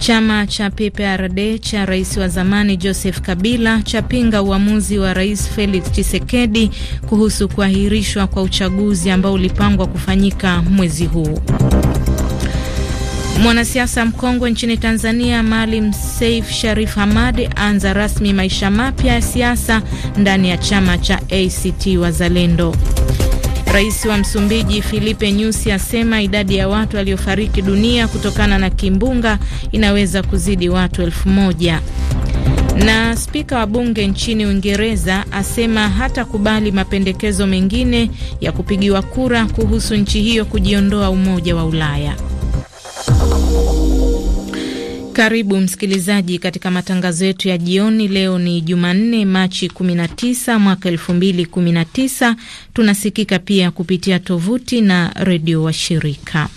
Chama cha PPRD cha rais wa zamani Joseph Kabila chapinga uamuzi wa rais Felix Tshisekedi kuhusu kuahirishwa kwa uchaguzi ambao ulipangwa kufanyika mwezi huu. Mwanasiasa mkongwe nchini Tanzania Maalim Seif Sharif Hamad aanza rasmi maisha mapya ya siasa ndani ya chama cha ACT Wazalendo. Rais wa Msumbiji Filipe Nyusi asema idadi ya watu waliofariki dunia kutokana na kimbunga inaweza kuzidi watu elfu moja. Na spika wa bunge nchini Uingereza asema hatakubali mapendekezo mengine ya kupigiwa kura kuhusu nchi hiyo kujiondoa Umoja wa Ulaya. Karibu msikilizaji katika matangazo yetu ya jioni. Leo ni Jumanne, Machi 19 mwaka 2019. Tunasikika pia kupitia tovuti na redio wa shirika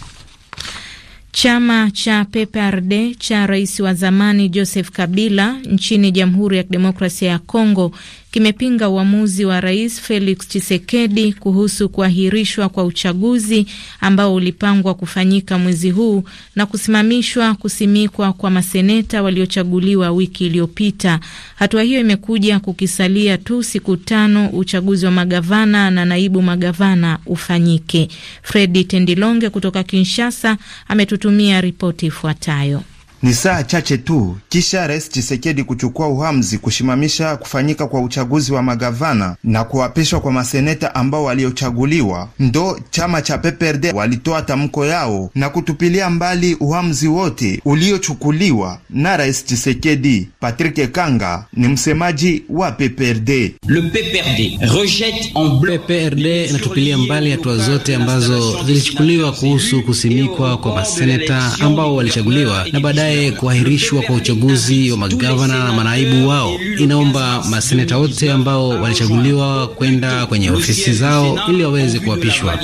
Chama cha PPRD cha rais wa zamani Joseph Kabila nchini Jamhuri ya Kidemokrasia ya Kongo kimepinga uamuzi wa Rais Felix Tshisekedi kuhusu kuahirishwa kwa uchaguzi ambao ulipangwa kufanyika mwezi huu na kusimamishwa kusimikwa kwa maseneta waliochaguliwa wiki iliyopita. Hatua hiyo imekuja kukisalia tu siku tano uchaguzi wa magavana na naibu magavana ufanyike. Fredi Tendilonge kutoka Kinshasa ametutumia ripoti ifuatayo. Ni saa chache tu kisha Rais Chisekedi kuchukua uamuzi kusimamisha kufanyika kwa uchaguzi wa magavana na kuapishwa kwa maseneta ambao waliochaguliwa, ndo chama cha PPRD walitoa tamko yao na kutupilia mbali uamuzi wote uliochukuliwa na Rais Chisekedi. Patrick Kanga ni msemaji wa PPRD. Le PPRD rejette en bloc. PPRD inatupilia mbali hatua zote ambazo zilichukuliwa kuhusu kusimikwa kwa maseneta ambao walichaguliwa na baadaye baadaye kuahirishwa kwa uchaguzi wa magavana na manaibu wao. Inaomba maseneta wote ambao walichaguliwa kwenda kwenye ofisi zao ili waweze kuapishwa.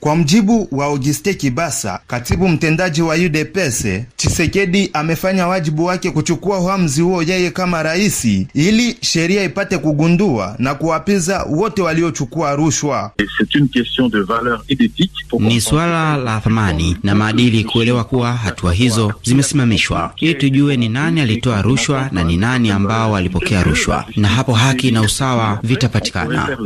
Kwa mjibu wa Auguste Kibasa, katibu mtendaji wa UDPS, Chisekedi amefanya wajibu wake kuchukua uamuzi huo yeye kama raisi, ili sheria ipate kugundua na kuwapiza wote waliochukua rushwa. Ni swala la thamani na maadili kuelewa kuwa hatu hatua hizo zimesimamishwa ili tujue ni nani alitoa rushwa na ni nani ambao walipokea rushwa, na hapo haki na usawa vitapatikana.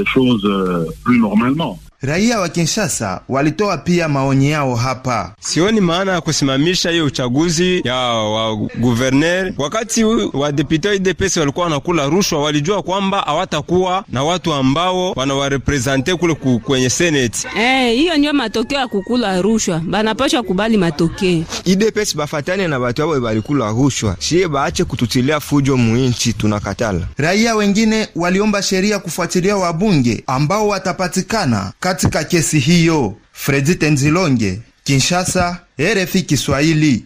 Raia wa Kinshasa walitoa pia maoni yao hapa. Sioni maana ya kusimamisha hiyo uchaguzi ya wa guverner. Wakati wa depute UDPS walikuwa wanakula rushwa, walijua kwamba hawatakuwa na watu ambao wanawarepresente kule kwenye seneti. Eh, hiyo hey, ndio matokeo ya kukula rushwa, banapashwa kubali matokeo. UDPS bafatane na batu abo balikula rushwa, shiye baache kututilia fujo muinchi, tunakatala. Raia wengine waliomba sheria kufuatilia wabunge ambao watapatikana katika kesi hiyo, Fredi Tenzilonge, Kinshasa, RFI Kiswahili.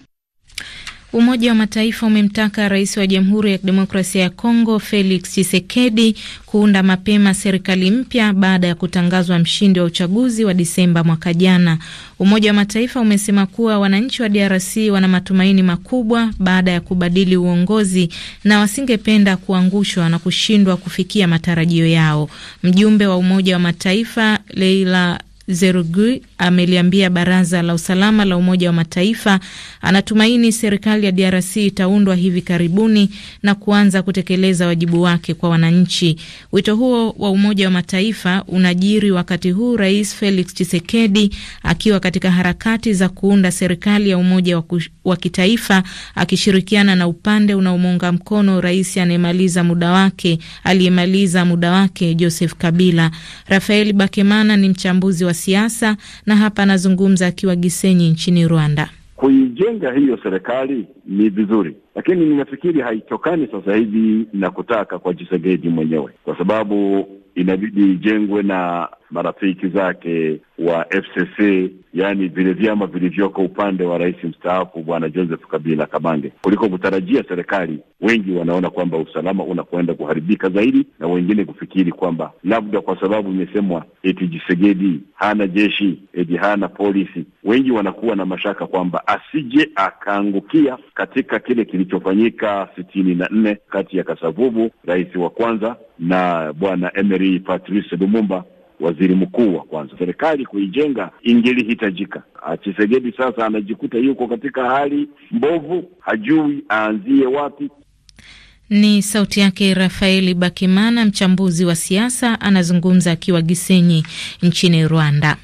Umoja wa Mataifa umemtaka rais wa Jamhuri ya Kidemokrasia ya Kongo Felix Tshisekedi kuunda mapema serikali mpya baada ya kutangazwa mshindi wa uchaguzi wa Disemba mwaka jana. Umoja wa Mataifa umesema kuwa wananchi wa DRC wana matumaini makubwa baada ya kubadili uongozi na wasingependa kuangushwa na kushindwa kufikia matarajio yao. Mjumbe wa Umoja wa Mataifa Leila Zerugui ameliambia baraza la usalama la Umoja wa Mataifa. Anatumaini serikali ya DRC itaundwa hivi karibuni na kuanza kutekeleza wajibu wake kwa wananchi. Wito huo wa Umoja wa Mataifa unajiri wakati huu Rais Felix Tshisekedi akiwa katika harakati za kuunda serikali ya umoja wa, wa kitaifa akishirikiana na upande unaomuunga mkono rais anayemaliza muda wake aliyemaliza muda wake Joseph Kabila. Rafael Bakemana ni mchambuzi wa siasa na na hapa anazungumza akiwa Gisenyi nchini Rwanda. Kuijenga hiyo serikali ni vizuri, lakini ninafikiri haitokani sasa hivi na kutaka kwa Tshisekedi mwenyewe, kwa sababu inabidi ijengwe na marafiki zake wa FCC, yaani vile vyama vilivyoko upande wa rais mstaafu Bwana Joseph Kabila Kabange, kuliko kutarajia serikali. Wengi wanaona kwamba usalama unakwenda kuharibika zaidi, na wengine kufikiri kwamba labda kwa sababu imesemwa eti Jisegedi hana jeshi eti hana polisi, wengi wanakuwa na mashaka kwamba asije akaangukia katika kile kilichofanyika sitini na nne kati ya Kasavubu, rais wa kwanza, na Bwana Emery Patrice Lumumba waziri mkuu wa kwanza. Serikali kuijenga ingelihitajika. Chisegedi sasa anajikuta yuko katika hali mbovu, hajui aanzie wapi. Ni sauti yake Rafaeli Bakimana, mchambuzi wa siasa, anazungumza akiwa Gisenyi nchini Rwanda.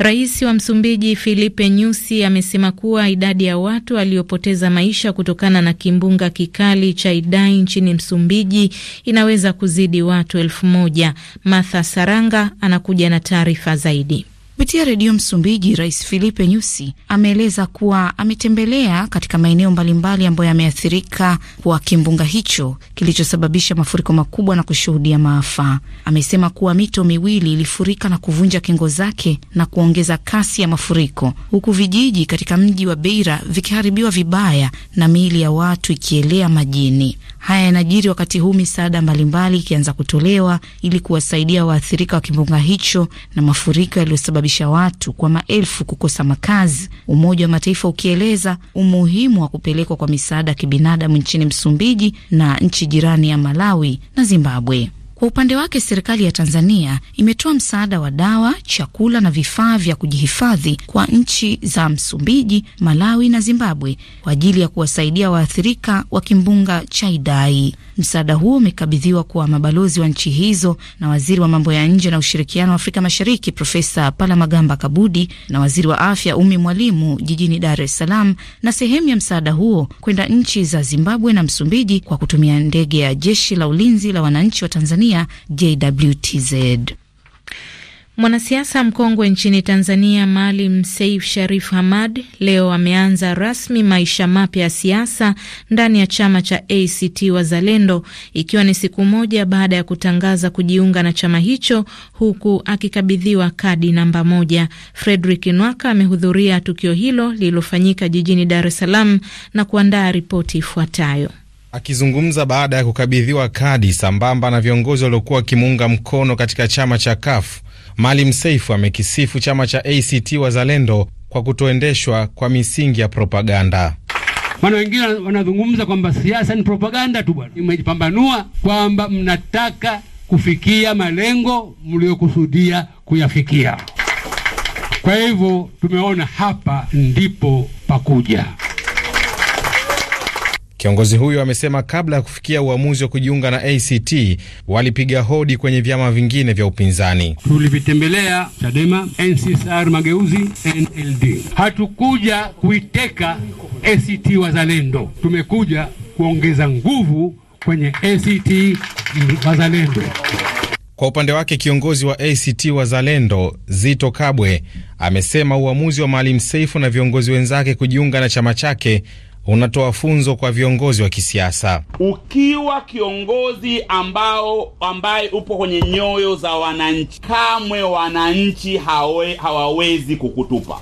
Rais wa Msumbiji Filipe Nyusi amesema kuwa idadi ya watu waliopoteza maisha kutokana na kimbunga kikali cha Idai nchini Msumbiji inaweza kuzidi watu elfu moja. Martha Saranga anakuja na taarifa zaidi. Kupitia redio Msumbiji, Rais Filipe Nyusi ameeleza kuwa ametembelea katika maeneo mbalimbali ambayo yameathirika kwa kimbunga hicho kilichosababisha mafuriko makubwa na kushuhudia maafa. Amesema kuwa mito miwili ilifurika na kuvunja kingo zake na kuongeza kasi ya mafuriko, huku vijiji katika mji wa Beira vikiharibiwa vibaya na miili ya watu ikielea majini. Haya yanajiri wakati huu misaada mbalimbali ikianza kutolewa ili kuwasaidia waathirika wa kimbunga hicho na mafuriko yaliyosababisha watu kwa maelfu kukosa makazi, Umoja wa Mataifa ukieleza umuhimu wa kupelekwa kwa misaada ya kibinadamu nchini Msumbiji na nchi jirani ya Malawi na Zimbabwe. Kwa upande wake, serikali ya Tanzania imetoa msaada wa dawa, chakula na vifaa vya kujihifadhi kwa nchi za Msumbiji, Malawi na Zimbabwe kwa ajili ya kuwasaidia waathirika wa kimbunga cha Idai. Msaada huo umekabidhiwa kwa mabalozi wa nchi hizo na waziri wa mambo ya nje na ushirikiano wa Afrika Mashariki Profesa Palamagamba Kabudi na waziri wa afya Umi Mwalimu jijini Dar es Salaam, na sehemu ya msaada huo kwenda nchi za Zimbabwe na Msumbiji kwa kutumia ndege ya jeshi la ulinzi la wananchi wa Tanzania Tanzania JWTZ. Mwanasiasa mkongwe nchini Tanzania Maalim Seif Sharif Hamad leo ameanza rasmi maisha mapya ya siasa ndani ya chama cha ACT Wazalendo, ikiwa ni siku moja baada ya kutangaza kujiunga na chama hicho, huku akikabidhiwa kadi namba moja. Frederick Nwaka amehudhuria tukio hilo lililofanyika jijini Dar es Salaam na kuandaa ripoti ifuatayo. Akizungumza baada ya kukabidhiwa kadi sambamba na viongozi waliokuwa wakimuunga mkono katika chama cha KAF, Maalim Seif amekisifu chama cha ACT Wazalendo kwa kutoendeshwa kwa misingi ya propaganda. Maana wengine wanazungumza kwamba siasa ni propaganda tu bwana. Imejipambanua kwamba mnataka kufikia malengo mliokusudia kuyafikia. Kwa hivyo tumeona hapa ndipo pakuja. Kiongozi huyo amesema kabla ya kufikia uamuzi wa kujiunga na ACT walipiga hodi kwenye vyama vingine vya upinzani. Tulivitembelea Chadema, NCCR Mageuzi, NLD. Hatukuja kuiteka ACT Wazalendo, tumekuja kuongeza nguvu kwenye ACT Wazalendo. Kwa upande wake kiongozi wa ACT Wazalendo Zito Kabwe amesema uamuzi wa Maalim Seifu na viongozi wenzake kujiunga na chama chake unatoa funzo kwa viongozi wa kisiasa. Ukiwa kiongozi ambao ambaye upo kwenye nyoyo za wananchi, kamwe wananchi hawe, hawawezi kukutupa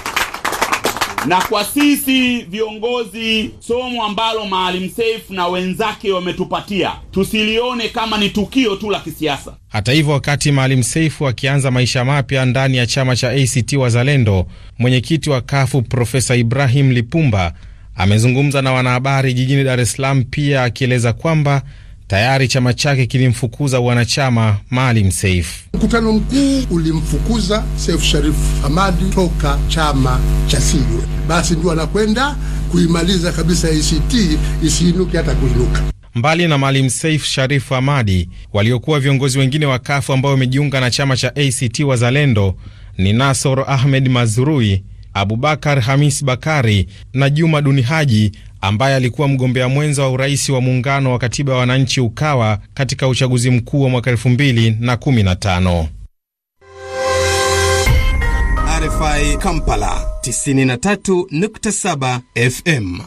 na kwa sisi viongozi, somo ambalo Maalim Seif na wenzake wametupatia tusilione kama ni tukio tu la kisiasa. Hata hivyo, wakati Maalim Seif akianza maisha mapya ndani ya chama cha ACT Wazalendo, mwenyekiti wa kafu Profesa Ibrahim Lipumba amezungumza na wanahabari jijini Dar es Salaam, pia akieleza kwamba tayari chama chake kilimfukuza wanachama Maalim Seif. Mkutano mkuu ulimfukuza Seif Sharif Hamadi toka chama cha CUF, basi ndio anakwenda kuimaliza kabisa ACT isiinuke hata kuinuka. Mbali na Maalim Seif Sharif Hamadi, waliokuwa viongozi wengine wa kafu ambao wamejiunga na chama cha ACT Wazalendo ni Nasor Ahmed Mazrui Abubakar Hamis Bakari na Juma Duni Haji ambaye alikuwa mgombea mwenza wa urais wa muungano wa katiba ya wananchi Ukawa katika uchaguzi mkuu wa mwaka 2015. RFI Kampala 93.7 FM.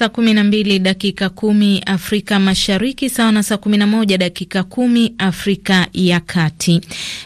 Saa 12 dakika kumi Afrika Mashariki, sawa na saa 11 dakika kumi Afrika ya Kati.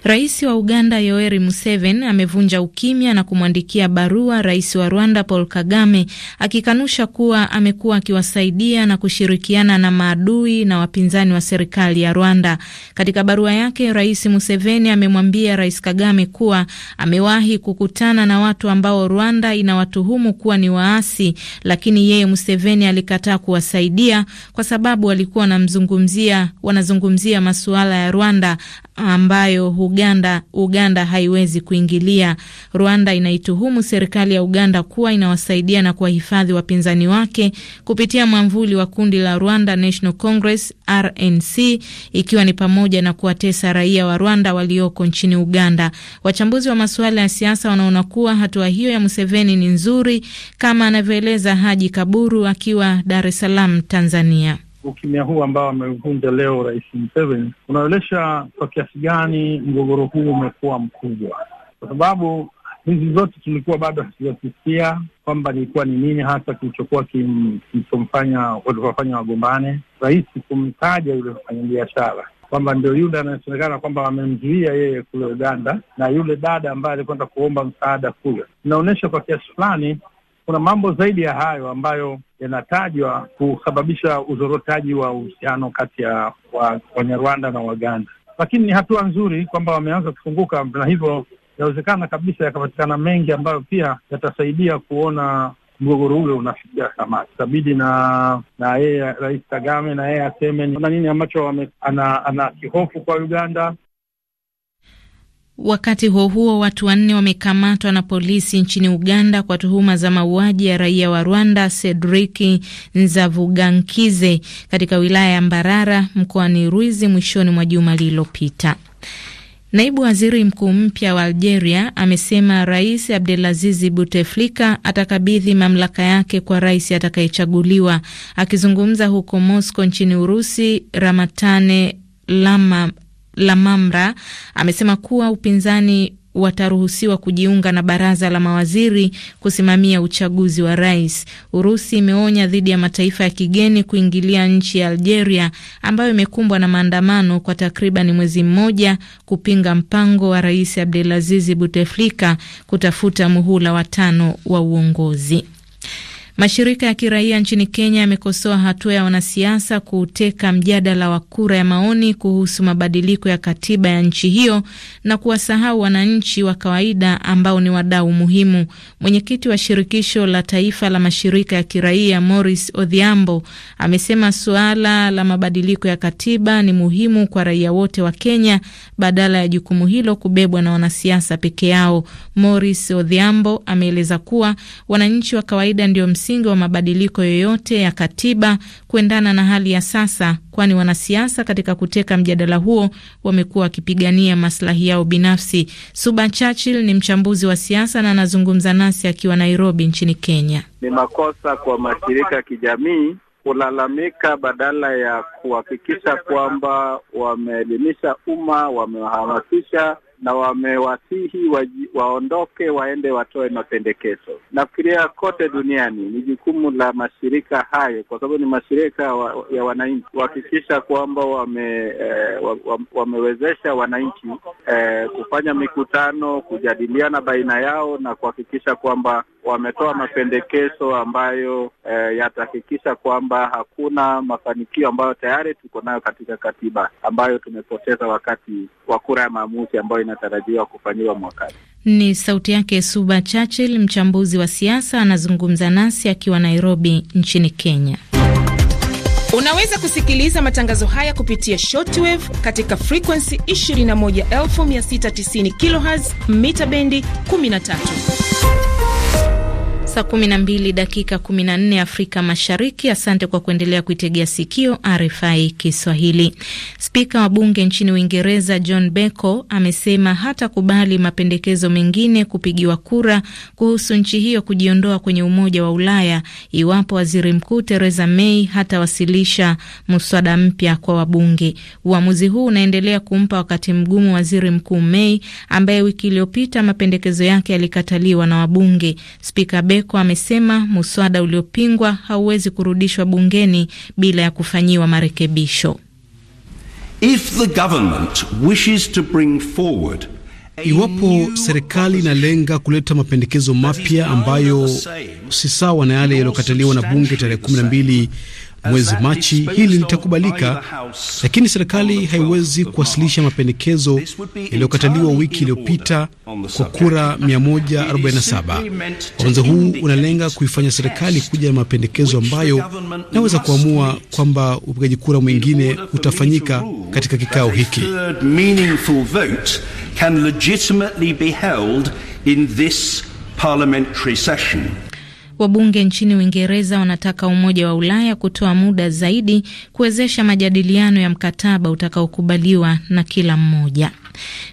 Rais wa Uganda Yoweri Museveni amevunja ukimya na kumwandikia barua rais wa Rwanda Paul Kagame akikanusha kuwa amekuwa akiwasaidia na kushirikiana na maadui na wapinzani wa serikali ya Rwanda. Katika barua yake, Rais Museveni amemwambia Rais Kagame kuwa amewahi kukutana na watu ambao Rwanda inawatuhumu kuwa ni waasi, lakini yeye Museveni Museveni alikataa kuwasaidia kwa sababu walikuwa wanamzungumzia wanazungumzia masuala ya Rwanda ambayo Uganda, Uganda haiwezi kuingilia. Rwanda inaituhumu serikali ya Uganda kuwa inawasaidia na kuwahifadhi wapinzani wake kupitia mwamvuli wa kundi la Rwanda National Congress RNC, ikiwa ni pamoja na kuwatesa raia wa Rwanda walioko nchini Uganda. Wachambuzi wa masuala ya siasa wanaona kuwa hatua hiyo ya Museveni ni nzuri, kama anavyoeleza Haji Kaburu akiwa Dar es Salaam, Tanzania ukimya huu ambao ameuvunja leo Rais Museveni unaonyesha kwa kiasi gani mgogoro huu umekuwa mkubwa, kwa sababu hizi zote tulikuwa bado hatujasikia kwamba ilikuwa ni nini hasa kilichokuwa kilichomfanya walivyofanya wagombane, rais kumtaja yule mfanyabiashara kwamba ndio yule anasemekana kwamba wamemzuia yeye kule Uganda na yule dada ambaye alikwenda kuomba msaada kule, inaonyesha kwa kiasi fulani kuna mambo zaidi ya hayo ambayo yanatajwa kusababisha uzorotaji wa uhusiano kati ya Wanyarwanda na Waganda, lakini ni hatua nzuri kwamba wameanza kufunguka, na hivyo inawezekana kabisa yakapatikana mengi ambayo pia yatasaidia kuona mgogoro ule unafikia samaki itabidi na na yeye Rais Kagame na yeye aseme na nini ambacho ana, ana kihofu kwa Uganda Wakati huo huo, watu wanne wamekamatwa na polisi nchini Uganda kwa tuhuma za mauaji ya raia wa Rwanda Cedric Nzavugankize katika wilaya ya Mbarara mkoani Ruizi mwishoni mwa juma lililopita. Naibu waziri mkuu mpya wa Algeria amesema Rais Abdelazizi Buteflika atakabidhi mamlaka yake kwa rais atakayechaguliwa. Akizungumza huko Moscow nchini Urusi, Ramatane Lama Lamamra amesema kuwa upinzani wataruhusiwa kujiunga na baraza la mawaziri kusimamia uchaguzi wa rais. Urusi imeonya dhidi ya mataifa ya kigeni kuingilia nchi ya Algeria ambayo imekumbwa na maandamano kwa takriban mwezi mmoja kupinga mpango wa Rais Abdelaziz Buteflika kutafuta muhula watano wa uongozi. Mashirika ya kiraia nchini Kenya yamekosoa hatua ya wanasiasa kuteka mjadala wa kura ya maoni kuhusu mabadiliko ya katiba ya nchi hiyo na kuwasahau wananchi wa kawaida ambao ni wadau muhimu. Mwenyekiti wa shirikisho la taifa la mashirika ya kiraia Morris Odhiambo amesema suala la mabadiliko ya katiba ni muhimu kwa raia wote wa Kenya badala ya jukumu hilo kubebwa na wanasiasa peke yao. Morris Odhiambo ameeleza kuwa wananchi wa kawaida ndio msingi wa mabadiliko yoyote ya katiba kuendana na hali ya sasa, kwani wanasiasa katika kuteka mjadala huo wamekuwa wakipigania maslahi yao binafsi. Suba Churchill ni mchambuzi wa siasa na anazungumza nasi akiwa Nairobi nchini Kenya. Ni makosa kwa mashirika ya kijamii kulalamika badala ya kuhakikisha kwamba wameelimisha umma, wamewahamasisha na wamewasihi waji, waondoke waende watoe mapendekezo. Nafikiria kote duniani ni jukumu la mashirika hayo, kwa sababu ni mashirika wa, ya wananchi kuhakikisha kwamba wame, eh, wamewezesha wananchi eh, kufanya mikutano, kujadiliana baina yao na kuhakikisha kwamba wametoa mapendekezo ambayo eh, yatahakikisha kwamba hakuna mafanikio ambayo tayari tuko nayo katika katiba ambayo tumepoteza wakati wa kura ya maamuzi ambayo inatarajiwa kufanyiwa mwakani. Ni sauti yake Suba Churchill, mchambuzi wa siasa, anazungumza nasi akiwa Nairobi nchini Kenya. Unaweza kusikiliza matangazo haya kupitia shortwave katika frekuensi 21690 kh mita bendi 13 saa 12 dakika 14 Afrika Mashariki. Asante kwa kuendelea kuitegea sikio RFI Kiswahili. Spika wa bunge nchini Uingereza John Beko amesema hatakubali mapendekezo mengine kupigiwa kura kuhusu nchi hiyo kujiondoa kwenye Umoja wa Ulaya iwapo waziri mkuu Theresa May hatawasilisha muswada mpya kwa wabunge. Uamuzi huu unaendelea kumpa wakati mgumu waziri mkuu May ambaye wiki iliyopita mapendekezo yake yalikataliwa na wabunge. Spika Beko Machweko amesema muswada uliopingwa hauwezi kurudishwa bungeni bila ya kufanyiwa marekebisho. If the government wishes to bring forward Iwapo serikali inalenga kuleta mapendekezo mapya ambayo si sawa na yale yaliyokataliwa na bunge tarehe 12 mwezi Machi, hili litakubalika, lakini serikali haiwezi kuwasilisha mapendekezo yaliyokataliwa wiki iliyopita kwa kura 147. Uamuzi huu unalenga kuifanya serikali kuja na mapendekezo ambayo naweza kuamua kwamba upigaji kura mwingine utafanyika katika kikao hiki. Can legitimately be held in this parliamentary session. Wabunge nchini Uingereza wanataka Umoja wa Ulaya kutoa muda zaidi kuwezesha majadiliano ya mkataba utakaokubaliwa na kila mmoja.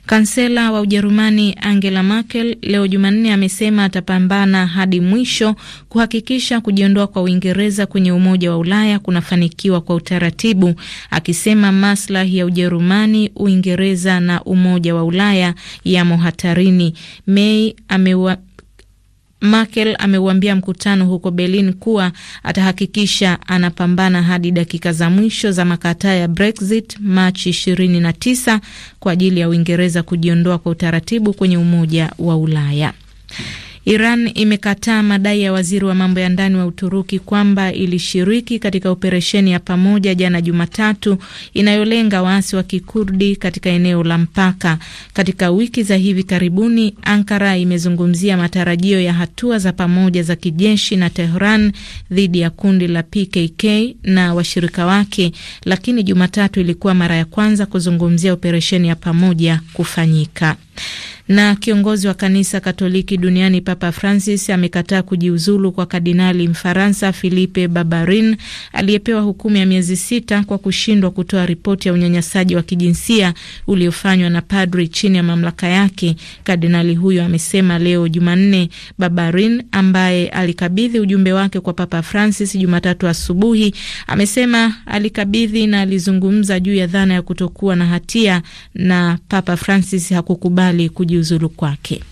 Kansela wa Ujerumani Angela Merkel leo Jumanne amesema atapambana hadi mwisho kuhakikisha kujiondoa kwa Uingereza kwenye Umoja wa Ulaya kunafanikiwa kwa utaratibu, akisema maslahi ya Ujerumani, Uingereza na Umoja wa Ulaya yamo hatarini. May ameua Merkel ameuambia mkutano huko Berlin kuwa atahakikisha anapambana hadi dakika za mwisho za makataa ya Brexit Machi 29 kwa ajili ya Uingereza kujiondoa kwa utaratibu kwenye Umoja wa Ulaya. Iran imekataa madai ya waziri wa mambo ya ndani wa Uturuki kwamba ilishiriki katika operesheni ya pamoja jana Jumatatu inayolenga waasi wa Kikurdi katika eneo la mpaka. Katika wiki za hivi karibuni, Ankara imezungumzia matarajio ya hatua za pamoja za kijeshi na Tehran dhidi ya kundi la PKK na washirika wake, lakini Jumatatu ilikuwa mara ya kwanza kuzungumzia operesheni ya pamoja kufanyika. Na kiongozi wa kanisa Katoliki duniani Papa Francis amekataa kujiuzulu kwa Kardinali Mfaransa Philippe Barbarin aliyepewa hukumu ya miezi sita kwa kushindwa kutoa ripoti ya unyanyasaji wa kijinsia uliofanywa na padri chini ya mamlaka yake. Kardinali huyo amesema leo Jumanne. Barbarin ambaye alikabidhi ujumbe wake kwa Papa Francis Jumatatu asubuhi amesema alikabidhi na alizungumza juu ya dhana ya kutokuwa na hatia na Papa Francis hakukubali kukubali kujiuzulu kwake.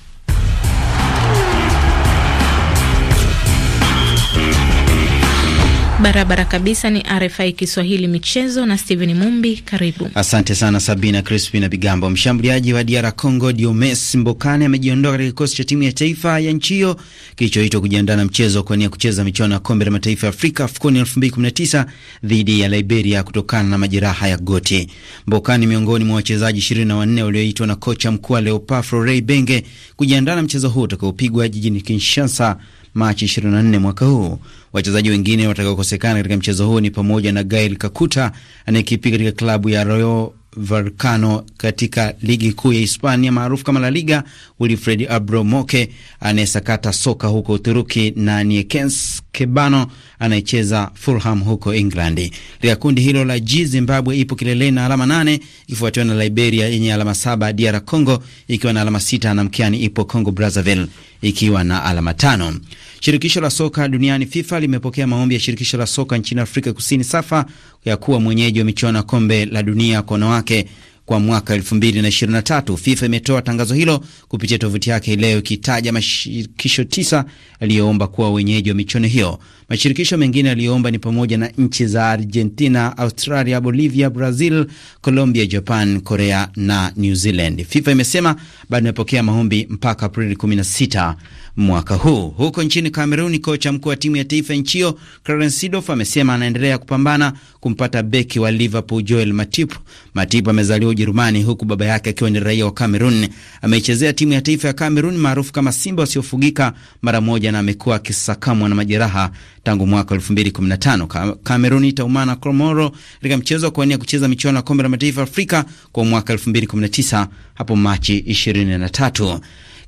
Barabara kabisa ni RFI Kiswahili michezo na Steven Mumbi, karibu. Asante sana Sabina Crispi na Bigambo. Mshambuliaji wa DR Congo Diomes Mbokane amejiondoa katika kikosi cha timu ya taifa ya nchi hiyo kilichoitwa kujiandaa na mchezo kwa nia kucheza michuano ya kombe la mataifa ya Afrika AFCON 2019 dhidi ya Liberia kutokana na majeraha ya goti. Mbokane miongoni mwa wachezaji 24 walioitwa na kocha mkuu wa Leopards Florent Ibenge kujiandaa na mchezo huo utakaopigwa jijini Kinshasa Machi 24 mwaka huu. Wachezaji wengine watakaokosekana katika mchezo huo ni pamoja na Gael Kakuta anayekipiga katika klabu ya Rayo Vallecano katika ligi kuu ya Hispania maarufu kama La Liga, Wilfred Abro Moke anayesakata soka huko Uturuki na Niekens Kebano anayecheza Fulham huko England. Katika kundi hilo la G, Zimbabwe ipo kileleni na alama nane ikifuatiwa na Liberia yenye alama saba, DR Congo ikiwa na alama sita na mkiani ipo Congo Brazzaville ikiwa na alama tano. Shirikisho la soka duniani FIFA limepokea maombi ya shirikisho la soka nchini Afrika Kusini SAFA ya kuwa mwenyeji wa michuano ya kombe la dunia kwa wanawake kwa mwaka 2023. FIFA imetoa tangazo hilo kupitia tovuti yake leo ikitaja mashirikisho tisa yaliyoomba kuwa wenyeji wa michuano hiyo. Mashirikisho mengine yaliyoomba ni pamoja na nchi za Argentina, Australia, Bolivia, Brazil, Colombia, Japan, Korea na New Zealand. FIFA imesema bado imepokea maombi mpaka Aprili 16 mwaka huu. Huko nchini Kameruni, kocha mkuu wa timu ya taifa nchi hiyo Clarence Seedorf amesema anaendelea kupambana kumpata beki wa Liverpool Joel Matip. Matip amezaliwa Ujerumani huku baba yake akiwa ni raia wa cameron Ameichezea timu ya taifa ya Kamerun maarufu kama Simba wasiofugika mara moja na amekuwa akisakamwa na majeraha tangu mwaka 2015. Kamerun itaumana Komoro katika mchezo wa kuwania kucheza michuano ya kombe la mataifa Afrika kwa mwaka 2019 hapo Machi 23.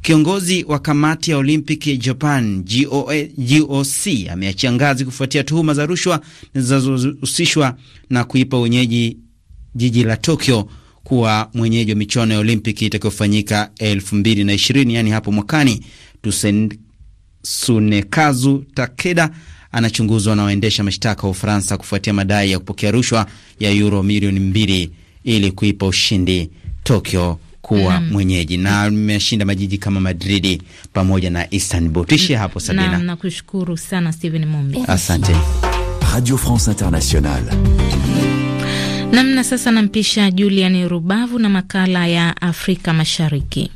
Kiongozi wa kamati ya Olimpiki ya Japan GOC ameachia ngazi kufuatia tuhuma za rushwa zinazohusishwa na kuipa wenyeji jiji la Tokyo kuwa mwenyeji wa michuano ya Olimpiki itakayofanyika ishirini yani hapo mwakani. tusunekazu Tsunekazu Takeda anachunguzwa na waendesha mashtaka wa Ufaransa kufuatia madai ya kupokea rushwa ya euro milioni mbili ili kuipa ushindi Tokyo kuwa mm. mwenyeji na ameshinda majiji kama Madrid pamoja na Istanbul. Tuishie hapo Sabina. Nakushukuru sana Steven Mumbi, asante. Radio France Internationale namna. Sasa nampisha Julian Rubavu na makala ya Afrika Mashariki.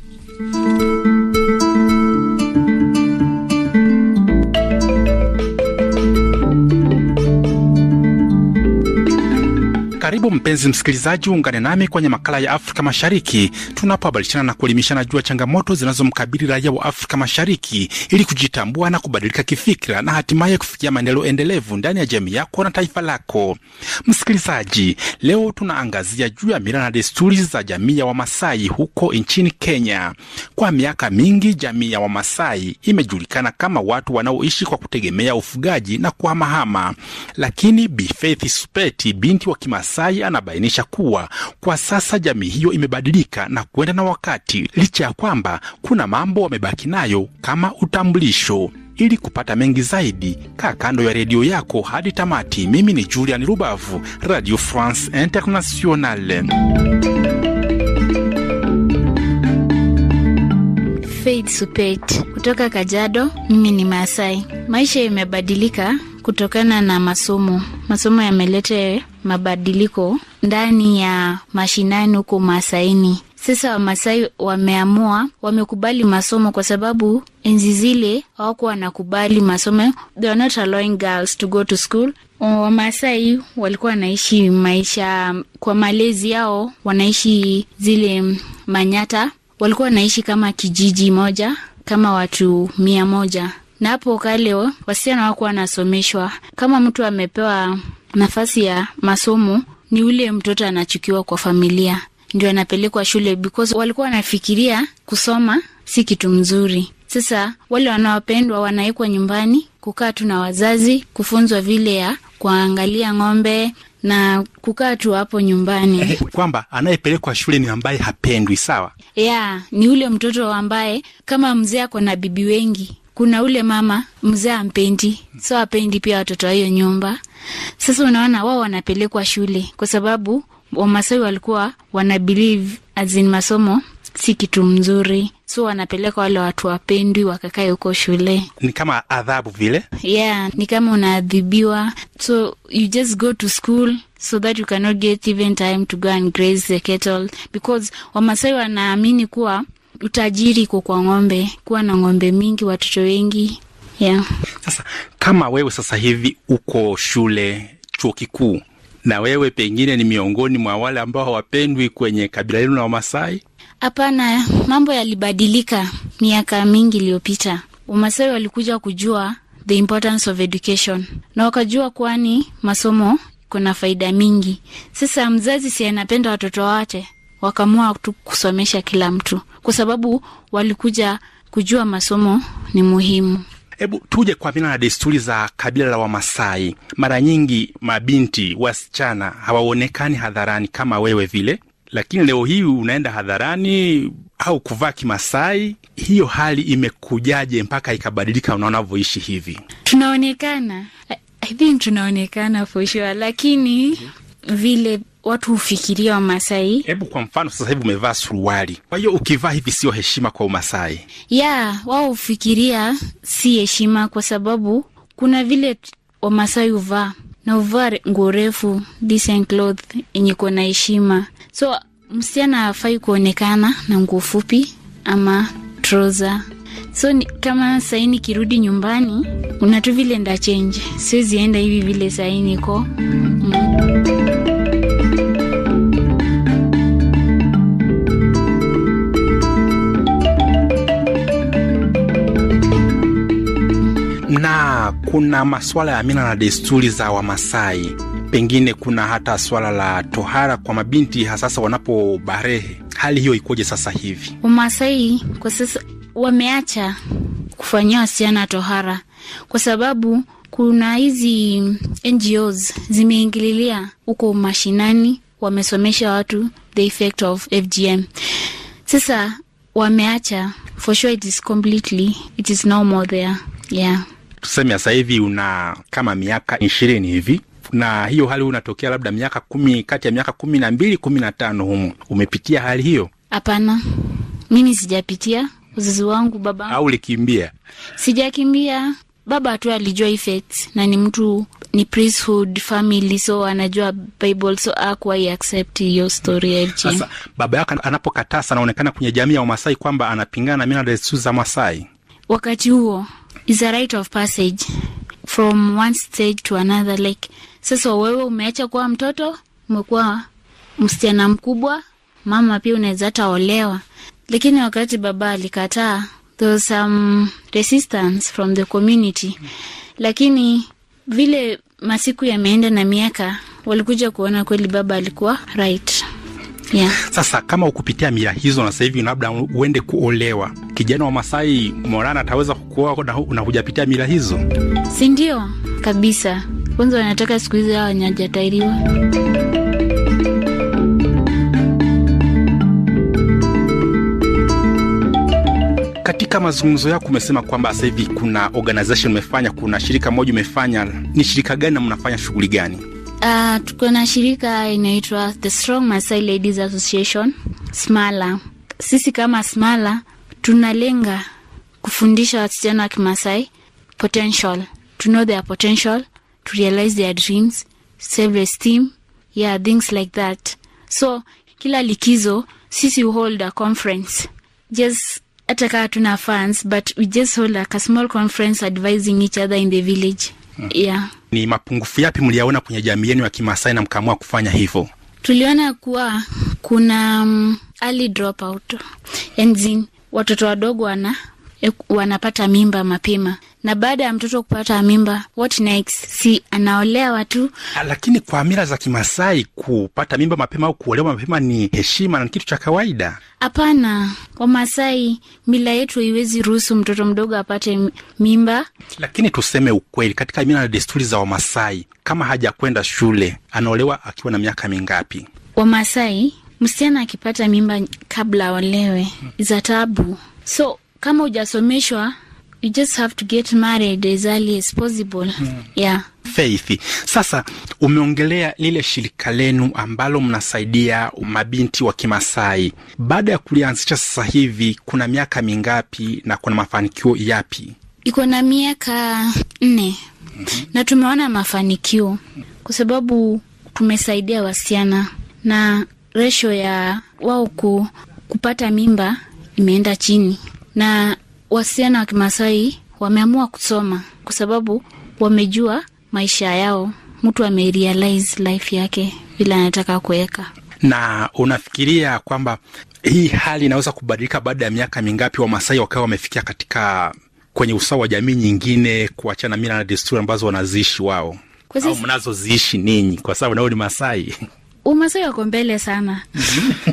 Karibu mpenzi msikilizaji, uungane nami kwenye makala ya Afrika Mashariki tunapobadilishana na kuelimishana juu ya changamoto zinazomkabili raia wa Afrika Mashariki ili kujitambua na kubadilika kifikira na hatimaye kufikia maendeleo endelevu ndani ya jamii yako na taifa lako. Msikilizaji, leo tunaangazia juu ya mila na desturi za jamii ya Wamasai huko nchini Kenya. Kwa miaka mingi, jamii ya Wamasai imejulikana kama watu wanaoishi kwa kutegemea ufugaji na kuhamahama, lakini Bi Faith Supeti, binti wa Kimasai Masai anabainisha kuwa kwa sasa jamii hiyo imebadilika na kuenda na wakati, licha ya kwamba kuna mambo wamebaki nayo kama utambulisho. Ili kupata mengi zaidi, kaa kando ya redio yako hadi tamati. Mimi ni Julian Rubavu, Radio France Internationale. Faith Supet kutoka Kajado. Mimi ni Masai. Maisha imebadilika kutokana na masomo. Masomo yamelete mabadiliko ndani ya mashinani huko Masaini. Sasa Wamasai wameamua, wamekubali masomo kwa sababu enzi zile hawakuwa wanakubali masomo. They are not allowing girls to go to school. Oh, Wamasai walikuwa wanaishi maisha kwa malezi yao, wanaishi zile manyata, walikuwa wanaishi kama kijiji moja, kama watu mia moja na hapo kale wasichana wako wanasomeshwa. Kama mtu amepewa nafasi ya masomo, ni ule mtoto anachukiwa kwa familia ndio anapelekwa shule because walikuwa wanafikiria kusoma si kitu mzuri. Sasa wale wanaopendwa wanawekwa nyumbani kukaa tu na wazazi, kufunzwa vile ya kuangalia ng'ombe na kukaa tu hapo nyumbani eh, kwamba anayepelekwa shule ni ambaye hapendwi. Sawa ya yeah, ni ule mtoto ambaye kama mzee ako na bibi wengi kuna ule mama mzee ampendi, so apendi pia watoto wa hiyo nyumba. Sasa unaona wao wanapelekwa shule kwa sababu Wamasai walikuwa wana believe azin masomo si kitu mzuri, so wanapeleka wale watu wapendwi wakakae huko shule. Ni kama adhabu vile, yeah, ni kama unaadhibiwa, so you just go to school so that you cannot get even time to go and graze the cattle because Wamasai wanaamini kuwa utajiri iko kwa ng'ombe, kuwa na ng'ombe mingi, watoto wengi yeah. Sasa kama wewe sasa hivi uko shule chuo kikuu, na wewe pengine ni miongoni mwa wale ambao hawapendwi kwenye kabila lenu la Wamasai? Hapana, mambo yalibadilika miaka mingi iliyopita. Wamasai walikuja kujua the importance of education na wakajua, kwani masomo kuna faida mingi. Sasa mzazi si anapenda watoto wate wakaamua tu kusomesha kila mtu, kwa sababu walikuja kujua masomo ni muhimu. Hebu tuje kwa mila na desturi za kabila la Wamasai. Mara nyingi mabinti wasichana hawaonekani hadharani kama wewe vile, lakini leo hii unaenda hadharani au kuvaa Kimasai. Hiyo hali imekujaje mpaka ikabadilika unaonavyoishi hivi? Tunaonekana I think tunaonekana for sure, lakini vile watu hufikiria Wamasai. Hebu kwa mfano sasa hivi umevaa suruali, kwa hiyo ukivaa hivi sio heshima kwa Umasai ya yeah, wao hufikiria si heshima, kwa sababu kuna vile Wamasai huvaa na huvaa nguo refu decent cloth yenye kuwa na heshima, so msichana hafai kuonekana na nguo fupi ama troza. So ni, kama sahi nikirudi nyumbani kuna tu vile nda change, siwezi enda hivi vile sahi niko mm. na kuna masuala ya mila na desturi za Wamasai, pengine kuna hata swala la tohara kwa mabinti, hasasa wanapobarehe. Hali hiyo ikoje sasa hivi? Wamasai kwa sasa wameacha kufanyia wasichana tohara kwa sababu kuna hizi NGOs zimeingililia huko mashinani, wamesomesha watu the effect of FGM. Sasa wameacha for sure, it is completely, it is more there, yeah tuseme sasa hivi una kama miaka ishirini hivi na hiyo hali unatokea labda miaka kumi, kati ya miaka kumi na mbili kumi na tano humu, umepitia hali hiyo? Hapana, mimi sijapitia. Uzazi wangu baba au likimbia? Sijakimbia. Baba tu alijua ifet na ni mtu ni priesthood family, so anajua Bible, so akwai accept hiyo story ya Sasa baba yako anapokataa sanaonekana kwenye jamii ya Wamasai kwamba anapingana na mila na desturi za Masai wakati huo is a rite of passage from one stage to another like sasa wewe umeacha kuwa mtoto umekuwa msichana mkubwa mama pia unaweza hata olewa lakini wakati baba alikataa there was some resistance from the community lakini vile masiku yameenda na miaka walikuja kuona kweli baba alikuwa right Yeah. Sasa kama ukupitia mila hizo na sasa hivi labda uende kuolewa, kijana wa Masai Morana ataweza kukuoa na hujapitia mila hizo? Si ndio? Kabisa. Kwanza wanataka siku hizi hao wanyajatairiwa Katika mazungumzo yako umesema kwamba sasa hivi kuna organization umefanya, kuna shirika moja umefanya. Ni shirika gani na mnafanya shughuli gani? Uh, tuko na shirika inaitwa The Strong Masai Ladies Association Smala. Sisi kama Smala tunalenga kufundisha wasichana wa Kimasai potential to know their potential to realize their dreams self esteem yeah things like that so kila likizo sisi hold a conference just hata kaa tuna fans but we just hold like a small conference advising each other in the village Mm. yeah. Ni mapungufu yapi mliyaona kwenye jamii yenu ya Kimasai na mkaamua kufanya hivyo? Tuliona kuwa kuna um, early watoto wadogo wana wanapata mimba mapema, na baada ya mtoto kupata mimba, what next? Si anaolewa tu. Ah, lakini kwa mila za Kimasai, kupata mimba mapema au kuolewa mapema ni heshima na ni kitu cha kawaida. Hapana, kwa Masai mila yetu haiwezi ruhusu mtoto mdogo apate mimba. Lakini tuseme ukweli, katika mila na desturi za Wamasai, kama hajakwenda shule anaolewa akiwa na miaka mingapi? Wamasai msichana akipata mimba kabla aolewe za tabu, so kama ujasomeshwa you just have to get married as early as possible mm. yeah Faith, sasa umeongelea lile shirika lenu ambalo mnasaidia mabinti wa Kimasai. Baada ya kulianzisha sasa hivi kuna miaka mingapi na kuna mafanikio yapi? Iko na miaka nne. mm -hmm. na tumeona mafanikio kwa sababu tumesaidia wasichana na resho ya wao ku, kupata mimba imeenda chini na wasichana wa Kimasai wameamua kusoma kwa sababu wamejua maisha yao, mtu amerealize life yake vile anataka kuweka. Na unafikiria kwamba hii hali inaweza kubadilika baada ya miaka mingapi, Wamasai wakawa wamefikia katika kwenye usawa wa jamii nyingine, kuachana mila na desturi ambazo wanaziishi wao au mnazoziishi ninyi, kwa sababu nao ni Masai? Umasai wako mbele sana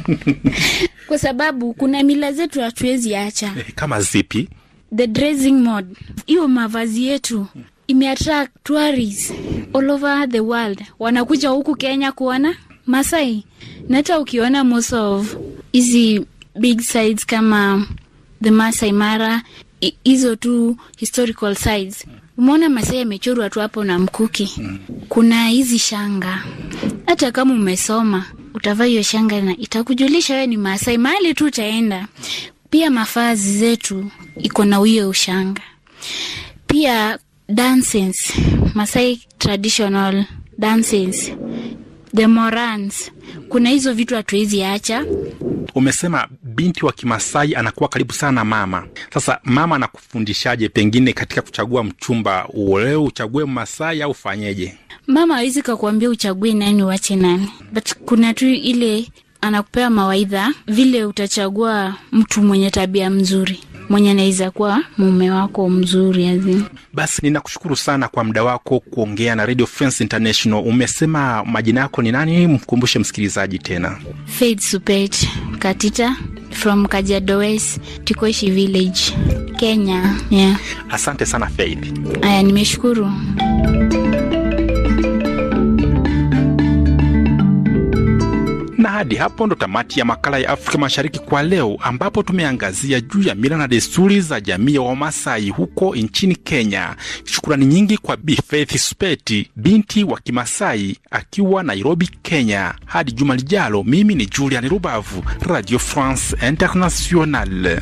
kwa sababu kuna mila zetu hatuwezi acha. Eh, kama zipi? The dressing mode, hiyo mavazi yetu imeattract tourists all over the world, wanakuja huku Kenya kuona Masai, na hata ukiona most of hizi big sites kama the Masai Mara hizo tu historical sites. Umeona Masai amechorwa tu hapo na mkuki. Kuna hizi shanga, hata kama umesoma utavaa hiyo shanga na itakujulisha wewe ni Masai mahali tu utaenda. Pia mavazi zetu iko na huyo ushanga, pia dances, Masai traditional dances the morans. Kuna hizo vitu hatuwezi acha. Umesema binti wa Kimasai anakuwa karibu sana na mama. Sasa mama anakufundishaje pengine katika kuchagua mchumba, uolewe uchague Mmasai au ufanyeje? Mama hawezi kakuambia uchague nani uache nani, but kuna tu ile anakupea mawaidha vile utachagua mtu mwenye tabia mzuri mwenye anaweza kuwa mume wako mzuri azi. Basi ninakushukuru sana kwa muda wako kuongea na Radio France International. Umesema majina yako ni nani? Mkumbushe msikilizaji tena. Faith Supet Katita from Kajiado West, Village, Kenya. Yeah. Asante sana Faith. Aya, nimeshukuru. Na hadi hapo ndo tamati ya makala ya Afrika Mashariki kwa leo, ambapo tumeangazia juu ya mila na desturi za jamii ya Wamasai huko nchini Kenya. Shukurani nyingi kwa Bi Faith Speti, binti wa Kimasai akiwa Nairobi, Kenya. Hadi juma lijalo, mimi ni Julian Rubavu, Radio France Internationale.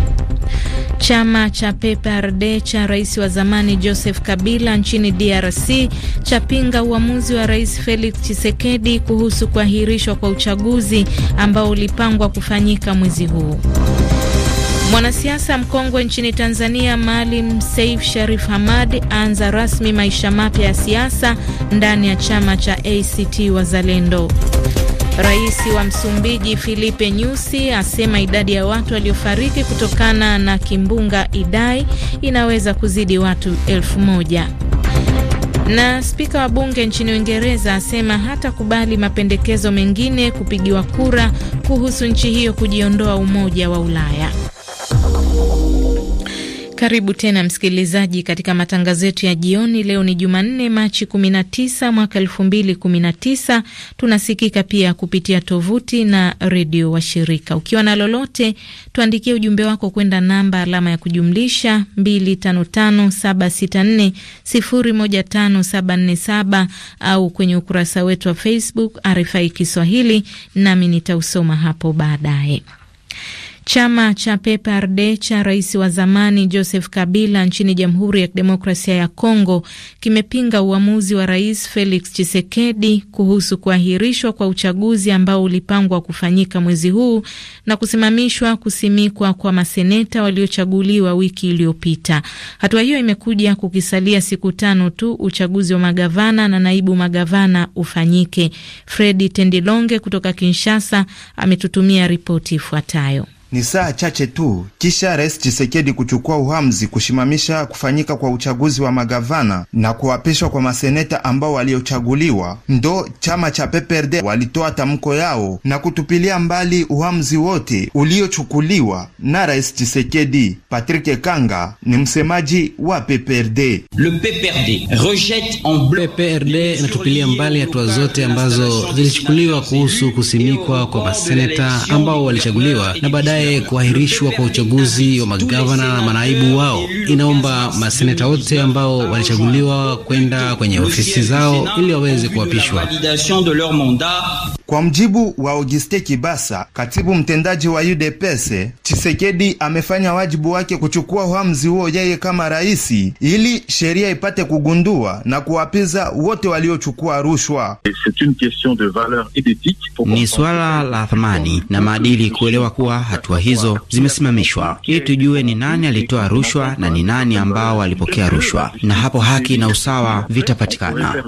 Chama cha PPRD cha rais wa zamani Joseph Kabila nchini DRC chapinga uamuzi wa rais Felix Tshisekedi kuhusu kuahirishwa kwa uchaguzi ambao ulipangwa kufanyika mwezi huu. Mwanasiasa mkongwe nchini Tanzania Maalim Seif Sharif Hamad aanza rasmi maisha mapya ya siasa ndani ya chama cha ACT Wazalendo. Rais wa Msumbiji Filipe Nyusi asema idadi ya watu waliofariki kutokana na kimbunga Idai inaweza kuzidi watu elfu moja. Na spika wa bunge nchini Uingereza asema hatakubali mapendekezo mengine kupigiwa kura kuhusu nchi hiyo kujiondoa Umoja wa Ulaya. Karibu tena msikilizaji, katika matangazo yetu ya jioni. Leo ni Jumanne, Machi 19 mwaka 2019. Tunasikika pia kupitia tovuti na redio washirika. Ukiwa na lolote, tuandikie ujumbe wako kwenda namba alama ya kujumlisha 255764015747 au kwenye ukurasa wetu wa Facebook RFI Kiswahili, nami nitausoma hapo baadaye. Chama cha PPRD cha rais wa zamani Joseph Kabila nchini Jamhuri ya Kidemokrasia ya Kongo kimepinga uamuzi wa rais Felix Tshisekedi kuhusu kuahirishwa kwa uchaguzi ambao ulipangwa kufanyika mwezi huu na kusimamishwa kusimikwa kwa maseneta waliochaguliwa wiki iliyopita. Hatua hiyo imekuja kukisalia siku tano tu uchaguzi wa magavana na naibu magavana ufanyike. Fredi Tendilonge kutoka Kinshasa ametutumia ripoti ifuatayo. Ni saa chache tu kisha Rais Chisekedi kuchukua uhamzi kushimamisha kufanyika kwa uchaguzi wa magavana na kuapishwa kwa maseneta ambao waliochaguliwa, ndo chama cha PPRD walitoa tamko yao na kutupilia mbali uhamzi wote uliochukuliwa na Rais Chisekedi. patrik Kanga ni msemaji wa Le en bloc. PPRD inatupilia mbali hatua zote ambazo zilichukuliwa kuhusu kusimikwa kwa maseneta ambao walichaguliwa na baadaye baadaye kuahirishwa kwa uchaguzi wa magavana na manaibu wao. Inaomba maseneta wote ambao walichaguliwa kwenda kwenye ofisi zao ili waweze kuapishwa. Kwa mjibu wa Auguste Kibasa, katibu mtendaji wa UDPS, Chisekedi amefanya wajibu wake kuchukua uamuzi huo yeye kama raisi, ili sheria ipate kugundua na kuwapiza wote waliochukua rushwa. Ni swala la thamani na maadili kuelewa kuwa hatu hatua hizo zimesimamishwa ili tujue ni nani alitoa rushwa na ni nani ambao walipokea rushwa, na hapo haki na usawa vitapatikana.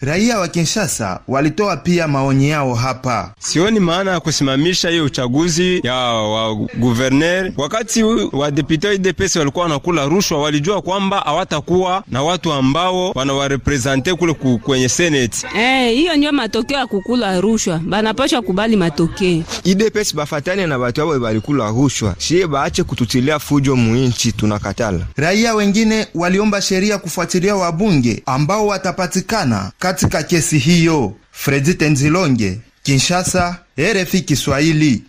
Raia wa Kinshasa walitoa pia maoni yao hapa. Sioni maana ya kusimamisha hiyo uchaguzi ya wa guverner. Wakati wa depute UDPS walikuwa wanakula rushwa, walijua kwamba hawatakuwa na watu ambao wanawarepresente kule kwenye seneti. Eh, hiyo ndio matokeo ya kukula rushwa, banapashwa kubali matokeo. UDPS bafatane na watu wao walikula rushwa, shie baache kututilia fujo muinchi, tunakatala. Raia wengine waliomba sheria kufuatilia wabunge ambao watapatikana katika kesi hiyo, Fredi Tenzilonge, Kinshasa, RFI Kiswahili.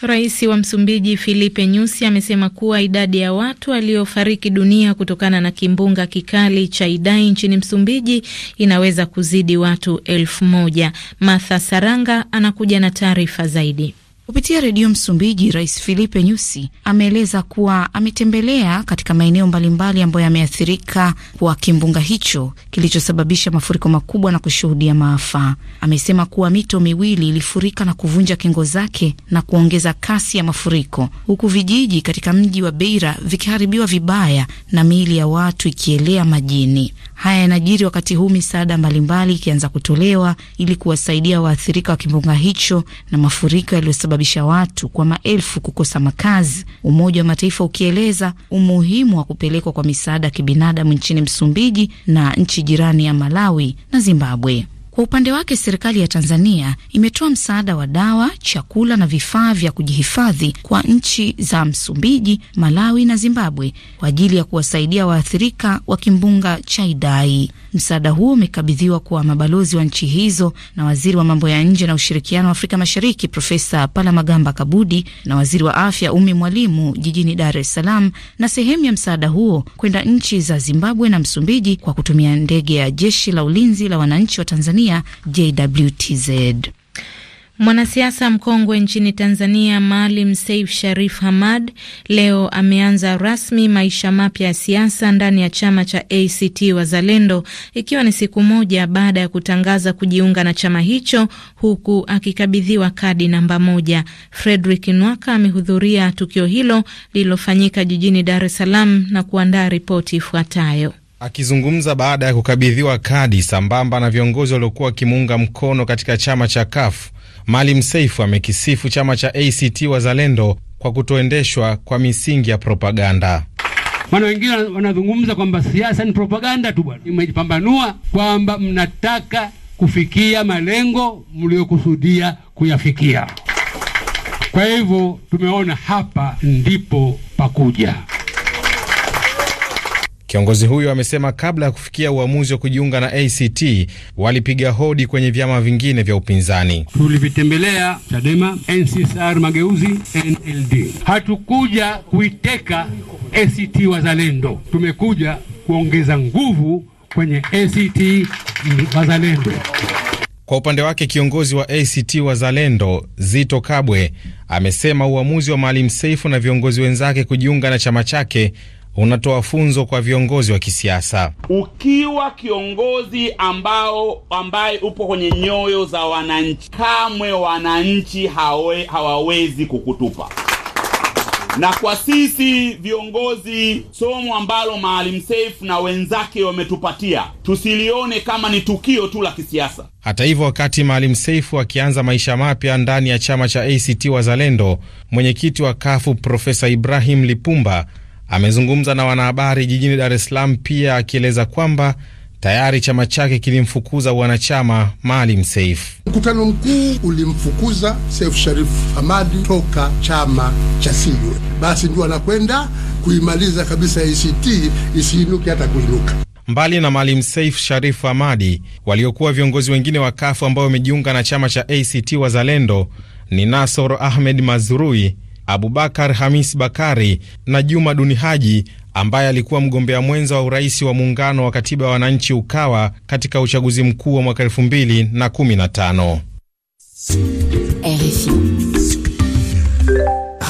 Rais wa Msumbiji Filipe Nyusi amesema kuwa idadi ya watu waliofariki dunia kutokana na kimbunga kikali cha Idai nchini Msumbiji inaweza kuzidi watu elfu moja. Martha Saranga anakuja na taarifa zaidi. Kupitia redio Msumbiji, Rais Filipe Nyusi ameeleza kuwa ametembelea katika maeneo mbalimbali ambayo yameathirika kwa kimbunga hicho kilichosababisha mafuriko makubwa na kushuhudia maafa. Amesema kuwa mito miwili ilifurika na kuvunja kingo zake na kuongeza kasi ya mafuriko, huku vijiji katika mji wa Beira vikiharibiwa vibaya na miili ya watu ikielea majini. Haya yanajiri wakati huu misaada mbalimbali ikianza kutolewa ili kuwasaidia waathirika wa kimbunga hicho na mafuriko yaliyosababisha watu kwa maelfu kukosa makazi, Umoja wa Mataifa ukieleza umuhimu wa kupelekwa kwa misaada ya kibinadamu nchini Msumbiji na nchi jirani ya Malawi na Zimbabwe. Kwa upande wake, serikali ya Tanzania imetoa msaada wa dawa, chakula na vifaa vya kujihifadhi kwa nchi za Msumbiji, Malawi na Zimbabwe kwa ajili ya kuwasaidia waathirika wa kimbunga cha Idai. Msaada huo umekabidhiwa kwa mabalozi wa nchi hizo na waziri wa mambo ya nje na ushirikiano wa Afrika Mashariki Profesa Palamagamba Kabudi na waziri wa afya Umi Mwalimu jijini Dar es Salaam, na sehemu ya msaada huo kwenda nchi za Zimbabwe na Msumbiji kwa kutumia ndege ya jeshi la ulinzi la wananchi wa Tanzania Tanzania JWTZ. Mwanasiasa mkongwe nchini Tanzania Maalim Seif Sharif Hamad leo ameanza rasmi maisha mapya ya siasa ndani ya chama cha ACT Wazalendo, ikiwa ni siku moja baada ya kutangaza kujiunga na chama hicho, huku akikabidhiwa kadi namba moja. Frederick Nwaka amehudhuria tukio hilo lililofanyika jijini Dar es Salaam na kuandaa ripoti ifuatayo. Akizungumza baada ya kukabidhiwa kadi sambamba na viongozi waliokuwa wakimuunga mkono katika chama cha CUF, Maalim Seif amekisifu chama cha ACT Wazalendo kwa kutoendeshwa kwa misingi ya propaganda. Maana wengine wanazungumza kwamba siasa ni propaganda tu bwana. Imejipambanua kwamba mnataka kufikia malengo mliokusudia kuyafikia. Kwa hivyo tumeona hapa ndipo pakuja. Kiongozi huyo amesema kabla ya kufikia uamuzi wa kujiunga na ACT walipiga hodi kwenye vyama vingine vya upinzani. Tulivitembelea Chadema, NCCR Mageuzi, NLD. Hatukuja kuiteka ACT Wazalendo, tumekuja kuongeza nguvu kwenye ACT Wazalendo. Kwa upande wake kiongozi wa ACT Wazalendo Zito Kabwe amesema uamuzi wa Maalim Seifu na viongozi wenzake kujiunga na chama chake unatoa funzo kwa viongozi wa kisiasa. Ukiwa kiongozi ambao ambaye upo kwenye nyoyo za wananchi, kamwe wananchi hawe, hawawezi kukutupa na kwa sisi viongozi, somo ambalo Maalim Seif na wenzake wametupatia tusilione kama ni tukio tu la kisiasa. Hata hivyo, wakati Maalim Seif akianza maisha mapya ndani ya chama cha ACT Wazalendo, mwenyekiti wa kafu Profesa Ibrahim Lipumba amezungumza na wanahabari jijini Dar es Salaam, pia akieleza kwamba tayari chama chake kilimfukuza wanachama Maalim Seif. Mkutano mkuu ulimfukuza Seif Sharif Hamadi toka chama cha CUF, basi ndio anakwenda kuimaliza kabisa ACT isiinuke hata kuinuka. Mbali na Maalim Seif Sharif Hamadi, waliokuwa viongozi wengine wa kafu ambao wamejiunga na chama cha ACT Wazalendo ni Nasor Ahmed Mazrui Abubakar Hamis Bakari na Juma Duni Haji ambaye alikuwa mgombea mwenza wa urais wa muungano wa katiba ya wananchi Ukawa katika uchaguzi mkuu wa mwaka 2015.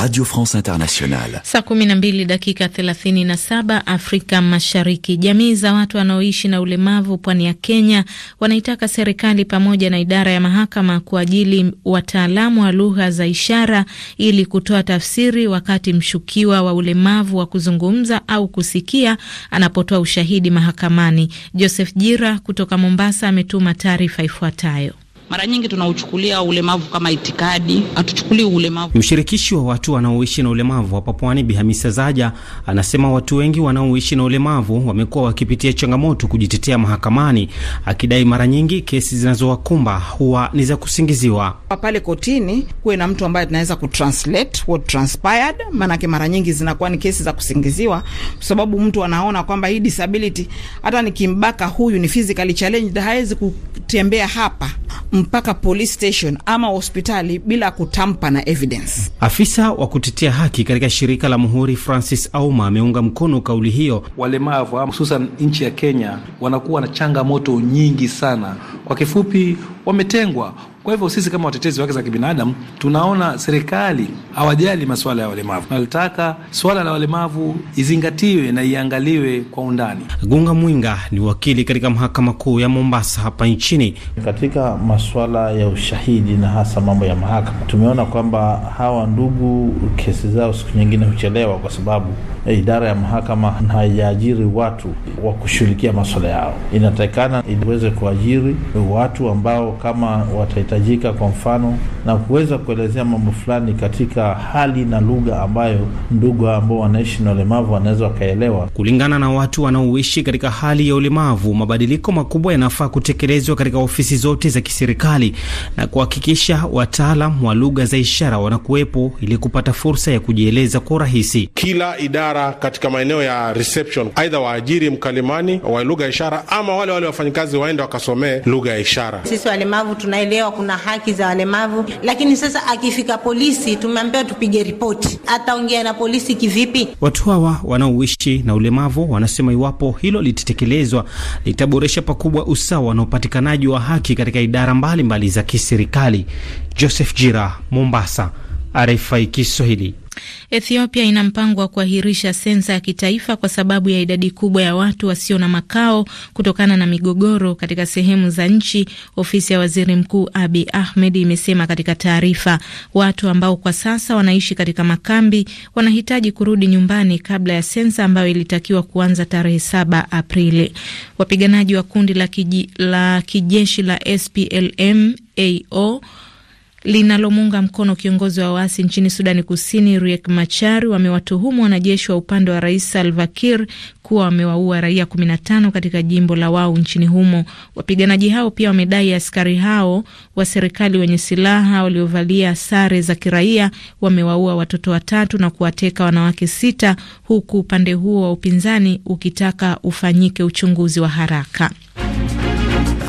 Radio France Internationale. Saa kumi na mbili dakika thelathini na saba Afrika Mashariki. Jamii za watu wanaoishi na ulemavu pwani ya Kenya wanaitaka serikali pamoja na idara ya mahakama kuajili wataalamu wa lugha za ishara ili kutoa tafsiri wakati mshukiwa wa ulemavu wa kuzungumza au kusikia anapotoa ushahidi mahakamani. Joseph Jira kutoka Mombasa ametuma taarifa ifuatayo. Mara nyingi tunauchukulia ulemavu kama itikadi, hatuchukulii ulemavu. Mshirikishi wa watu wanaoishi na ulemavu hapa Pwani, Bihamisa Zaja, anasema watu wengi wanaoishi na ulemavu wamekuwa wakipitia changamoto kujitetea mahakamani, akidai mara nyingi kesi zinazowakumba huwa ni za kusingiziwa. Pale kotini kuwe na mtu ambaye tunaweza kutranslate what transpired, maanake mara nyingi zinakuwa ni kesi za kusingiziwa, kwa sababu mtu anaona kwamba hii disability, hata nikimbaka huyu ni physically challenged, hawezi kutembea hapa M mpaka police station ama hospitali bila kutampa na evidence. Afisa wa kutetea haki katika shirika la Muhuri Francis Auma ameunga mkono kauli hiyo. Walemavu hususan nchi ya Kenya wanakuwa na changamoto nyingi sana, kwa kifupi wametengwa kwa hivyo sisi kama watetezi wa haki za kibinadamu tunaona serikali hawajali masuala ya walemavu, nalitaka swala la walemavu izingatiwe na iangaliwe kwa undani. Gunga Mwinga ni wakili katika mahakama kuu ya Mombasa hapa nchini. Katika masuala ya ushahidi na hasa mambo ya mahakama, tumeona kwamba hawa ndugu kesi zao siku nyingine huchelewa kwa sababu eh, idara ya mahakama haijaajiri watu wa kushughulikia masuala yao. Inatakikana iweze kuajiri watu ambao kama wata inahitajika, kwa mfano, na kuweza kuelezea mambo fulani katika hali na lugha ambayo ndugu ambao wanaishi na ulemavu wanaweza wakaelewa. Kulingana na watu wanaoishi katika hali ya ulemavu, mabadiliko makubwa yanafaa kutekelezwa katika ofisi zote za kiserikali na kuhakikisha wataalam wa lugha za ishara wanakuwepo ili kupata fursa ya kujieleza kwa urahisi. Kila idara katika maeneo ya reception, aidha waajiri mkalimani wa lugha ya ishara ama wale wale wafanyikazi waende wakasomee lugha ya ishara. Sisi walemavu tunaelewa kuna haki za walemavu, lakini sasa akifika polisi, tumeambiwa tupige ripoti. Ataongea na polisi kivipi? Watu hawa wanaoishi na ulemavu wanasema iwapo hilo litatekelezwa litaboresha pakubwa usawa na upatikanaji wa haki katika idara mbalimbali mbali za kiserikali. Joseph Jira, Mombasa, RFI Kiswahili. Ethiopia ina mpango wa kuahirisha sensa ya kitaifa kwa sababu ya idadi kubwa ya watu wasio na makao kutokana na migogoro katika sehemu za nchi. Ofisi ya waziri mkuu Abi Ahmed imesema katika taarifa, watu ambao kwa sasa wanaishi katika makambi wanahitaji kurudi nyumbani kabla ya sensa ambayo ilitakiwa kuanza tarehe 7 Aprili. Wapiganaji wa kundi la, kiji, la kijeshi la SPLM AO linalomuunga mkono kiongozi wa waasi nchini Sudani Kusini Riek Machar wamewatuhumu wanajeshi wa upande wa rais Salva Kiir kuwa wamewaua raia 15 katika jimbo la Wau nchini humo. Wapiganaji hao pia wamedai askari hao wa serikali wenye silaha waliovalia sare za kiraia wamewaua watoto watatu na kuwateka wanawake sita, huku upande huo wa upinzani ukitaka ufanyike uchunguzi wa haraka.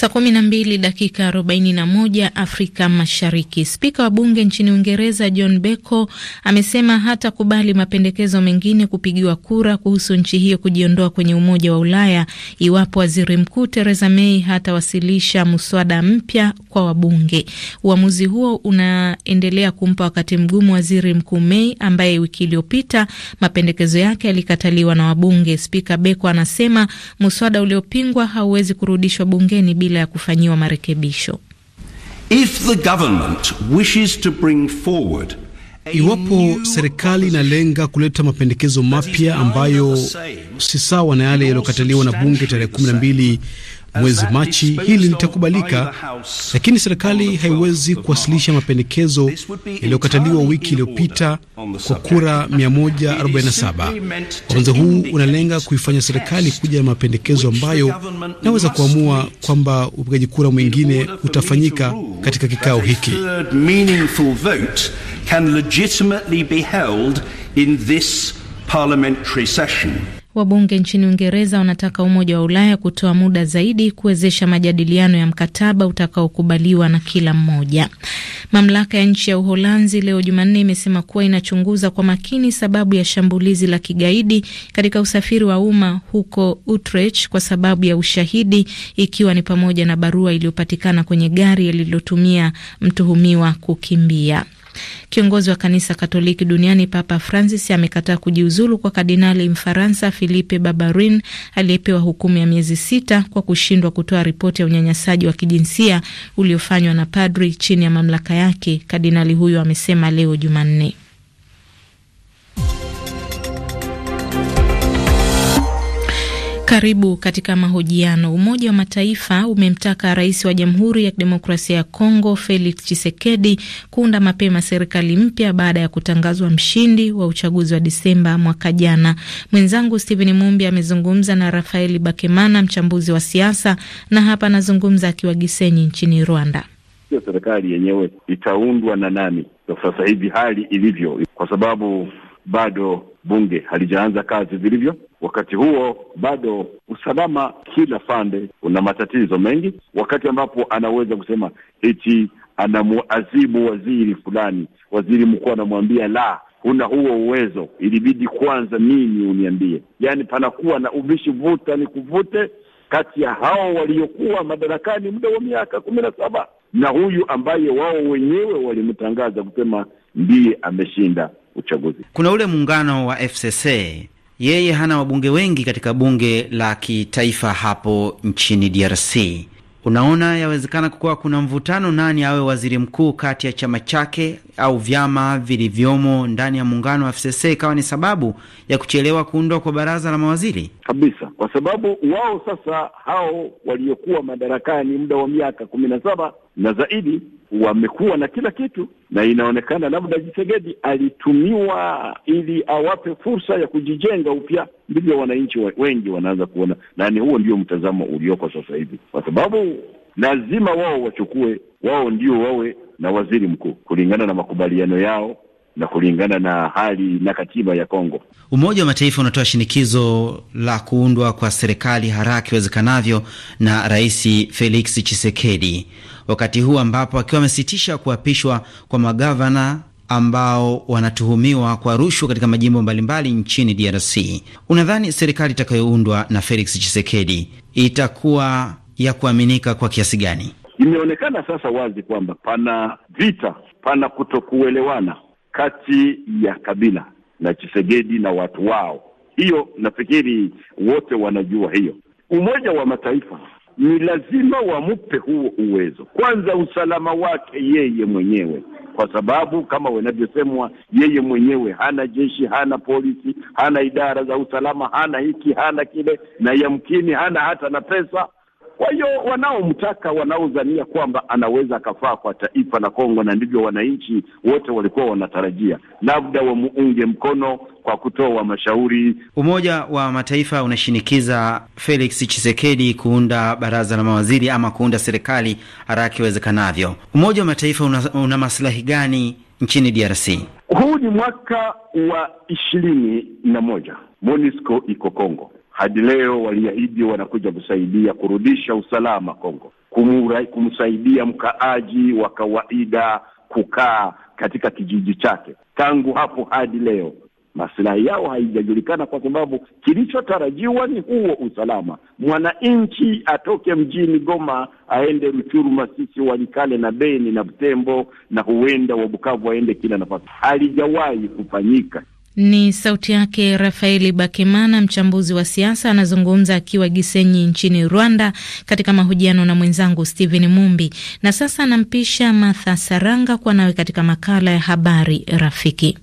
Saa kumi na mbili dakika arobaini na moja Afrika Mashariki. Spika wa bunge nchini Uingereza John Beko amesema hatakubali mapendekezo mengine kupigiwa kura kuhusu nchi hiyo kujiondoa kwenye Umoja wa Ulaya iwapo waziri mkuu Theresa May hatawasilisha mswada mpya kwa wabunge. Uamuzi huo unaendelea kumpa wakati mgumu waziri mkuu May ambaye wiki iliyopita mapendekezo yake yalikataliwa na wabunge. Spika Beko anasema mswada uliopingwa hauwezi kurudishwa bungeni bila bila ya kufanyiwa marekebisho. If the government wishes to bring forward Iwapo serikali inalenga kuleta mapendekezo mapya ambayo si sawa na yale yaliyokataliwa na bunge tarehe 12 mwezi Machi hili litakubalika, lakini serikali haiwezi kuwasilisha mapendekezo yaliyokataliwa wiki iliyopita kwa kura 147. Uamuzi huu unalenga kuifanya serikali kuja na mapendekezo ambayo inaweza kuamua kwamba upigaji kura mwingine utafanyika katika kikao hiki. Can legitimately be held in this parliamentary session. Wabunge nchini Uingereza wanataka Umoja wa Ulaya kutoa muda zaidi kuwezesha majadiliano ya mkataba utakaokubaliwa na kila mmoja. Mamlaka ya nchi ya Uholanzi leo Jumanne imesema kuwa inachunguza kwa makini sababu ya shambulizi la kigaidi katika usafiri wa umma huko Utrecht kwa sababu ya ushahidi, ikiwa ni pamoja na barua iliyopatikana kwenye gari lililotumia mtuhumiwa kukimbia. Kiongozi wa kanisa Katoliki duniani Papa Francis amekataa kujiuzulu kwa Kardinali Mfaransa Philippe Barbarin aliyepewa hukumu ya miezi sita kwa kushindwa kutoa ripoti ya unyanyasaji wa kijinsia uliofanywa na padri chini ya mamlaka yake, kardinali huyo amesema leo Jumanne. Karibu katika mahojiano. Umoja wa Mataifa umemtaka rais wa Jamhuri ya Kidemokrasia ya Kongo Felix Tshisekedi kuunda mapema serikali mpya baada ya kutangazwa mshindi wa uchaguzi wa Disemba mwaka jana. Mwenzangu Stephen Mumbi amezungumza na Rafaeli Bakemana, mchambuzi wa siasa, na hapa anazungumza akiwa Gisenyi nchini Rwanda. Hiyo serikali yenyewe itaundwa na nani? Sasa hivi hali ilivyo, kwa sababu bado bunge halijaanza kazi vilivyo. Wakati huo bado usalama kila pande una matatizo mengi, wakati ambapo anaweza kusema hichi anamuazibu waziri fulani, waziri mkuu anamwambia la, huna huo uwezo, ilibidi kwanza mimi uniambie. yani panakuwa na ubishi, vuta ni kuvute kati ya hao waliokuwa madarakani muda wa miaka kumi na saba na huyu ambaye wao wenyewe walimtangaza kusema ndiye ameshinda uchaguzi. Kuna ule muungano wa FCC, yeye hana wabunge wengi katika bunge la kitaifa hapo nchini DRC. Unaona, yawezekana kuwa kuna mvutano, nani awe waziri mkuu kati ya chama chake au vyama vilivyomo ndani ya muungano wa FCC, ikawa ni sababu ya kuchelewa kuundwa kwa baraza la mawaziri kabisa, kwa sababu wao sasa hao waliokuwa madarakani muda wa miaka kumi na saba na zaidi wamekuwa na kila kitu, na inaonekana labda Jisegedi alitumiwa ili awape fursa ya kujijenga upya. Ndivyo wananchi wengi wanaanza kuona, na ni huo ndio mtazamo ulioko sasa hivi, kwa sababu lazima wao wachukue, wao ndio wawe na waziri mkuu kulingana na makubaliano yao na kulingana na hali na katiba ya Kongo. Umoja wa Mataifa unatoa shinikizo la kuundwa kwa serikali haraka iwezekanavyo na Rais Felix Tshisekedi wakati huu ambapo akiwa amesitisha kuapishwa kwa magavana ambao wanatuhumiwa kwa rushwa katika majimbo mbalimbali nchini DRC. Unadhani serikali itakayoundwa na Felix Tshisekedi itakuwa ya kuaminika kwa kiasi gani? Imeonekana sasa wazi kwamba pana vita, pana kutokuelewana kati ya Kabila na Tshisekedi na watu wao. Hiyo nafikiri wote wanajua hiyo. Umoja wa Mataifa ni lazima wamupe huo uwezo, kwanza usalama wake yeye mwenyewe, kwa sababu kama wanavyosemwa, yeye mwenyewe hana jeshi, hana polisi, hana idara za usalama, hana hiki, hana kile, na yamkini hana hata na pesa. Kwa hiyo wanaomtaka, wanaodhania kwamba anaweza akafaa kwa taifa la Kongo, na ndivyo wananchi wote walikuwa wanatarajia, labda wamuunge mkono kwa kutoa mashauri. Umoja wa Mataifa unashinikiza Felix Tshisekedi kuunda baraza la mawaziri ama kuunda serikali haraka iwezekanavyo. Umoja wa Mataifa una, una masilahi gani nchini DRC? Huu ni mwaka wa ishirini na moja, MONUSCO iko Kongo hadi leo waliahidi wanakuja kusaidia kurudisha usalama Kongo, kumura, kumsaidia mkaaji wa kawaida kukaa katika kijiji chake. Tangu hapo hadi leo masilahi yao haijajulikana, kwa sababu kilichotarajiwa ni huo usalama, mwananchi atoke mjini Goma aende Ruchuru, Masisi, Walikale na Beni na Butembo na huenda wa Bukavu aende kila nafasi. Halijawahi kufanyika ni sauti yake Rafaeli Bakemana, mchambuzi wa siasa, anazungumza akiwa Gisenyi nchini Rwanda, katika mahojiano na mwenzangu stehen Mumbi. Na sasa anampisha Martha Saranga kuwa nawe katika makala ya habari rafiki.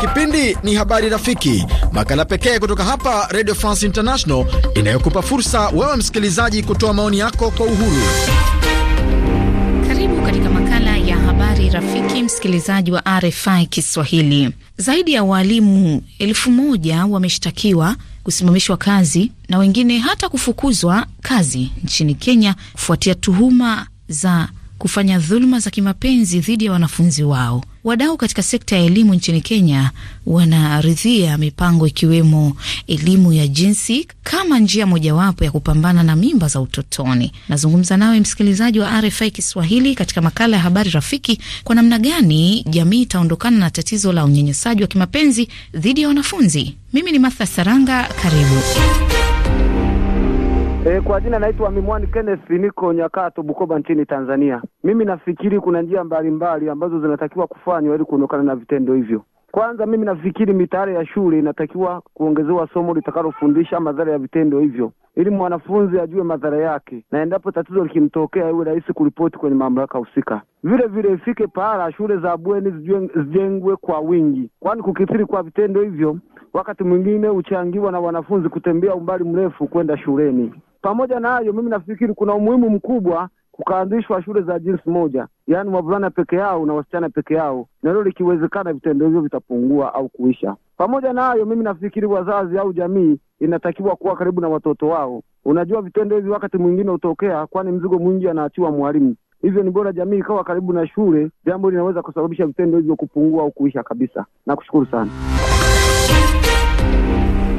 Kipindi ni habari rafiki, makala pekee kutoka hapa Radio France International inayokupa fursa wewe msikilizaji kutoa maoni yako kwa uhuru. Karibu katika makala ya Habari rafiki msikilizaji wa RFI Kiswahili. Zaidi ya waalimu elfu moja wameshtakiwa kusimamishwa kazi na wengine hata kufukuzwa kazi nchini Kenya kufuatia tuhuma za kufanya dhuluma za kimapenzi dhidi ya wanafunzi wao. Wadau katika sekta ya elimu nchini Kenya wanaridhia mipango ikiwemo elimu ya jinsi kama njia mojawapo ya kupambana na mimba za utotoni. Nazungumza nawe msikilizaji wa RFI Kiswahili katika makala ya habari rafiki, kwa namna gani jamii itaondokana na tatizo la unyanyasaji wa kimapenzi dhidi ya wanafunzi. Mimi ni Martha Saranga, karibu. E, kwa jina naitwa Mimwani Kenneth, niko Nyakato, Bukoba nchini Tanzania. Mimi nafikiri kuna njia mbalimbali ambazo zinatakiwa kufanywa ili kuondokana na vitendo hivyo. Kwanza mimi nafikiri mitaala ya shule inatakiwa kuongezewa somo litakalofundisha madhara ya vitendo hivyo, ili mwanafunzi ajue madhara yake, na endapo tatizo likimtokea iwe rahisi kuripoti kwenye mamlaka husika. Vile vile ifike pahala shule za bweni zijengwe kwa wingi, kwani kukithiri kwa vitendo hivyo wakati mwingine huchangiwa na wanafunzi kutembea umbali mrefu kwenda shuleni. Pamoja na hayo, mimi nafikiri kuna umuhimu mkubwa kukaanzishwa shule za jinsi moja, yaani wavulana peke yao na wasichana peke yao, na hilo likiwezekana, vitendo hivyo vitapungua au kuisha. Pamoja na hayo, mimi nafikiri wazazi au jamii inatakiwa kuwa karibu na watoto wao. Unajua, vitendo hivi wakati mwingine hutokea, kwani mzigo mwingi anaachiwa mwalimu. Hivyo ni bora jamii ikawa karibu na shule, jambo linaweza kusababisha vitendo hivyo kupungua au kuisha kabisa. Nakushukuru sana.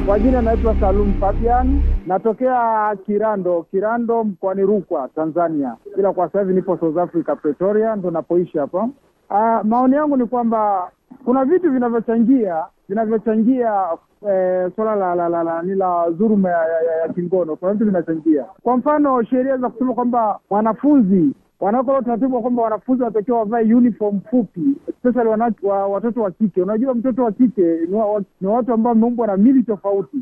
Kwa jina naitwa Salum Fabian, natokea Kirando, Kirando mkoani Rukwa, Tanzania, ila kwa sasa hivi nipo South Africa, Pretoria ndo napoishi hapa. Uh, maoni yangu ni kwamba kuna vitu vinavyochangia vinavyochangia eh, swala la la, la, la, ni la dhuluma ya, ya, ya kingono. Kuna vitu vinachangia, kwa mfano sheria za kusema kwamba mwanafunzi wanaokola utaratibu wa kwamba wanafunzi wanatakiwa wavae uniform fupi, especially wa, watoto wa kike. Unajua mtoto wa kike ni, wa, watu ambao wameumbwa na mili tofauti.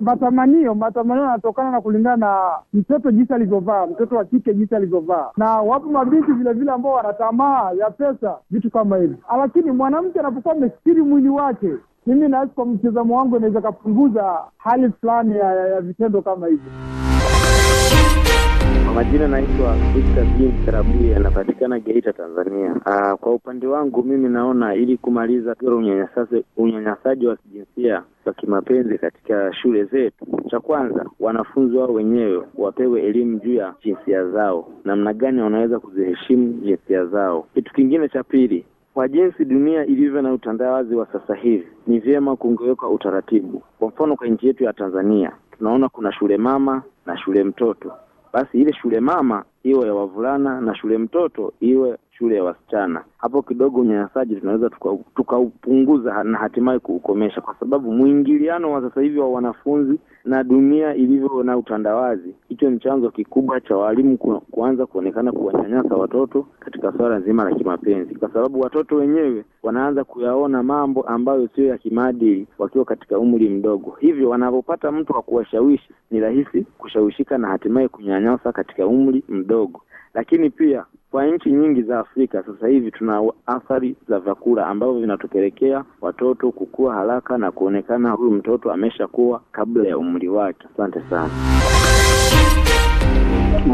Matamanio matamanio yanatokana na kulingana na mtoto jinsi alivyovaa, mtoto wa kike jinsi alivyovaa, na wapo mabinti vilevile ambao wana tamaa ya pesa, vitu kama hivi. Ah, lakini mwanamke anapokuwa amestiri mwili wake mimi nahisi kwa mtizamo wangu inaweza kapunguza hali fulani ya, ya, ya vitendo kama hivyo. Kwa majina naitwa Victor James Karabui, anapatikana Geita, Tanzania. Aa, ah, kwa upande wangu mimi naona ili kumaliza unyanyasaji unyanyasaji wa kijinsia wa kimapenzi katika shule zetu, cha kwanza wanafunzi wao wenyewe wapewe elimu juu ya jinsia zao, namna gani wanaweza kuziheshimu jinsia zao. Kitu kingine cha pili kwa jinsi dunia ilivyo na utandawazi wa sasa hivi, ni vyema kungewekwa utaratibu. Kwa mfano, kwa nchi yetu ya Tanzania tunaona kuna shule mama na shule mtoto basi ile shule mama iwe ya wavulana na shule mtoto iwe shule ya wasichana. Hapo kidogo unyanyasaji tunaweza tukaupunguza tuka na hatimaye kuukomesha, kwa sababu mwingiliano wa sasa hivi wa wanafunzi na dunia ilivyo na utandawazi, hicho ni chanzo kikubwa cha walimu kuanza kuonekana kuwanyanyasa watoto katika suala zima la kimapenzi, kwa sababu watoto wenyewe wanaanza kuyaona mambo ambayo sio ya kimaadili wakiwa katika umri mdogo. Hivyo wanapopata mtu wa kuwashawishi, ni rahisi kushawishika na hatimaye kunyanyasa katika umri mdogo. Lakini pia kwa nchi nyingi za Afrika sasa hivi tuna athari za vyakula ambavyo vinatupelekea watoto kukua haraka na kuonekana huyu mtoto ameshakuwa kabla ya umri wake. Asante sana.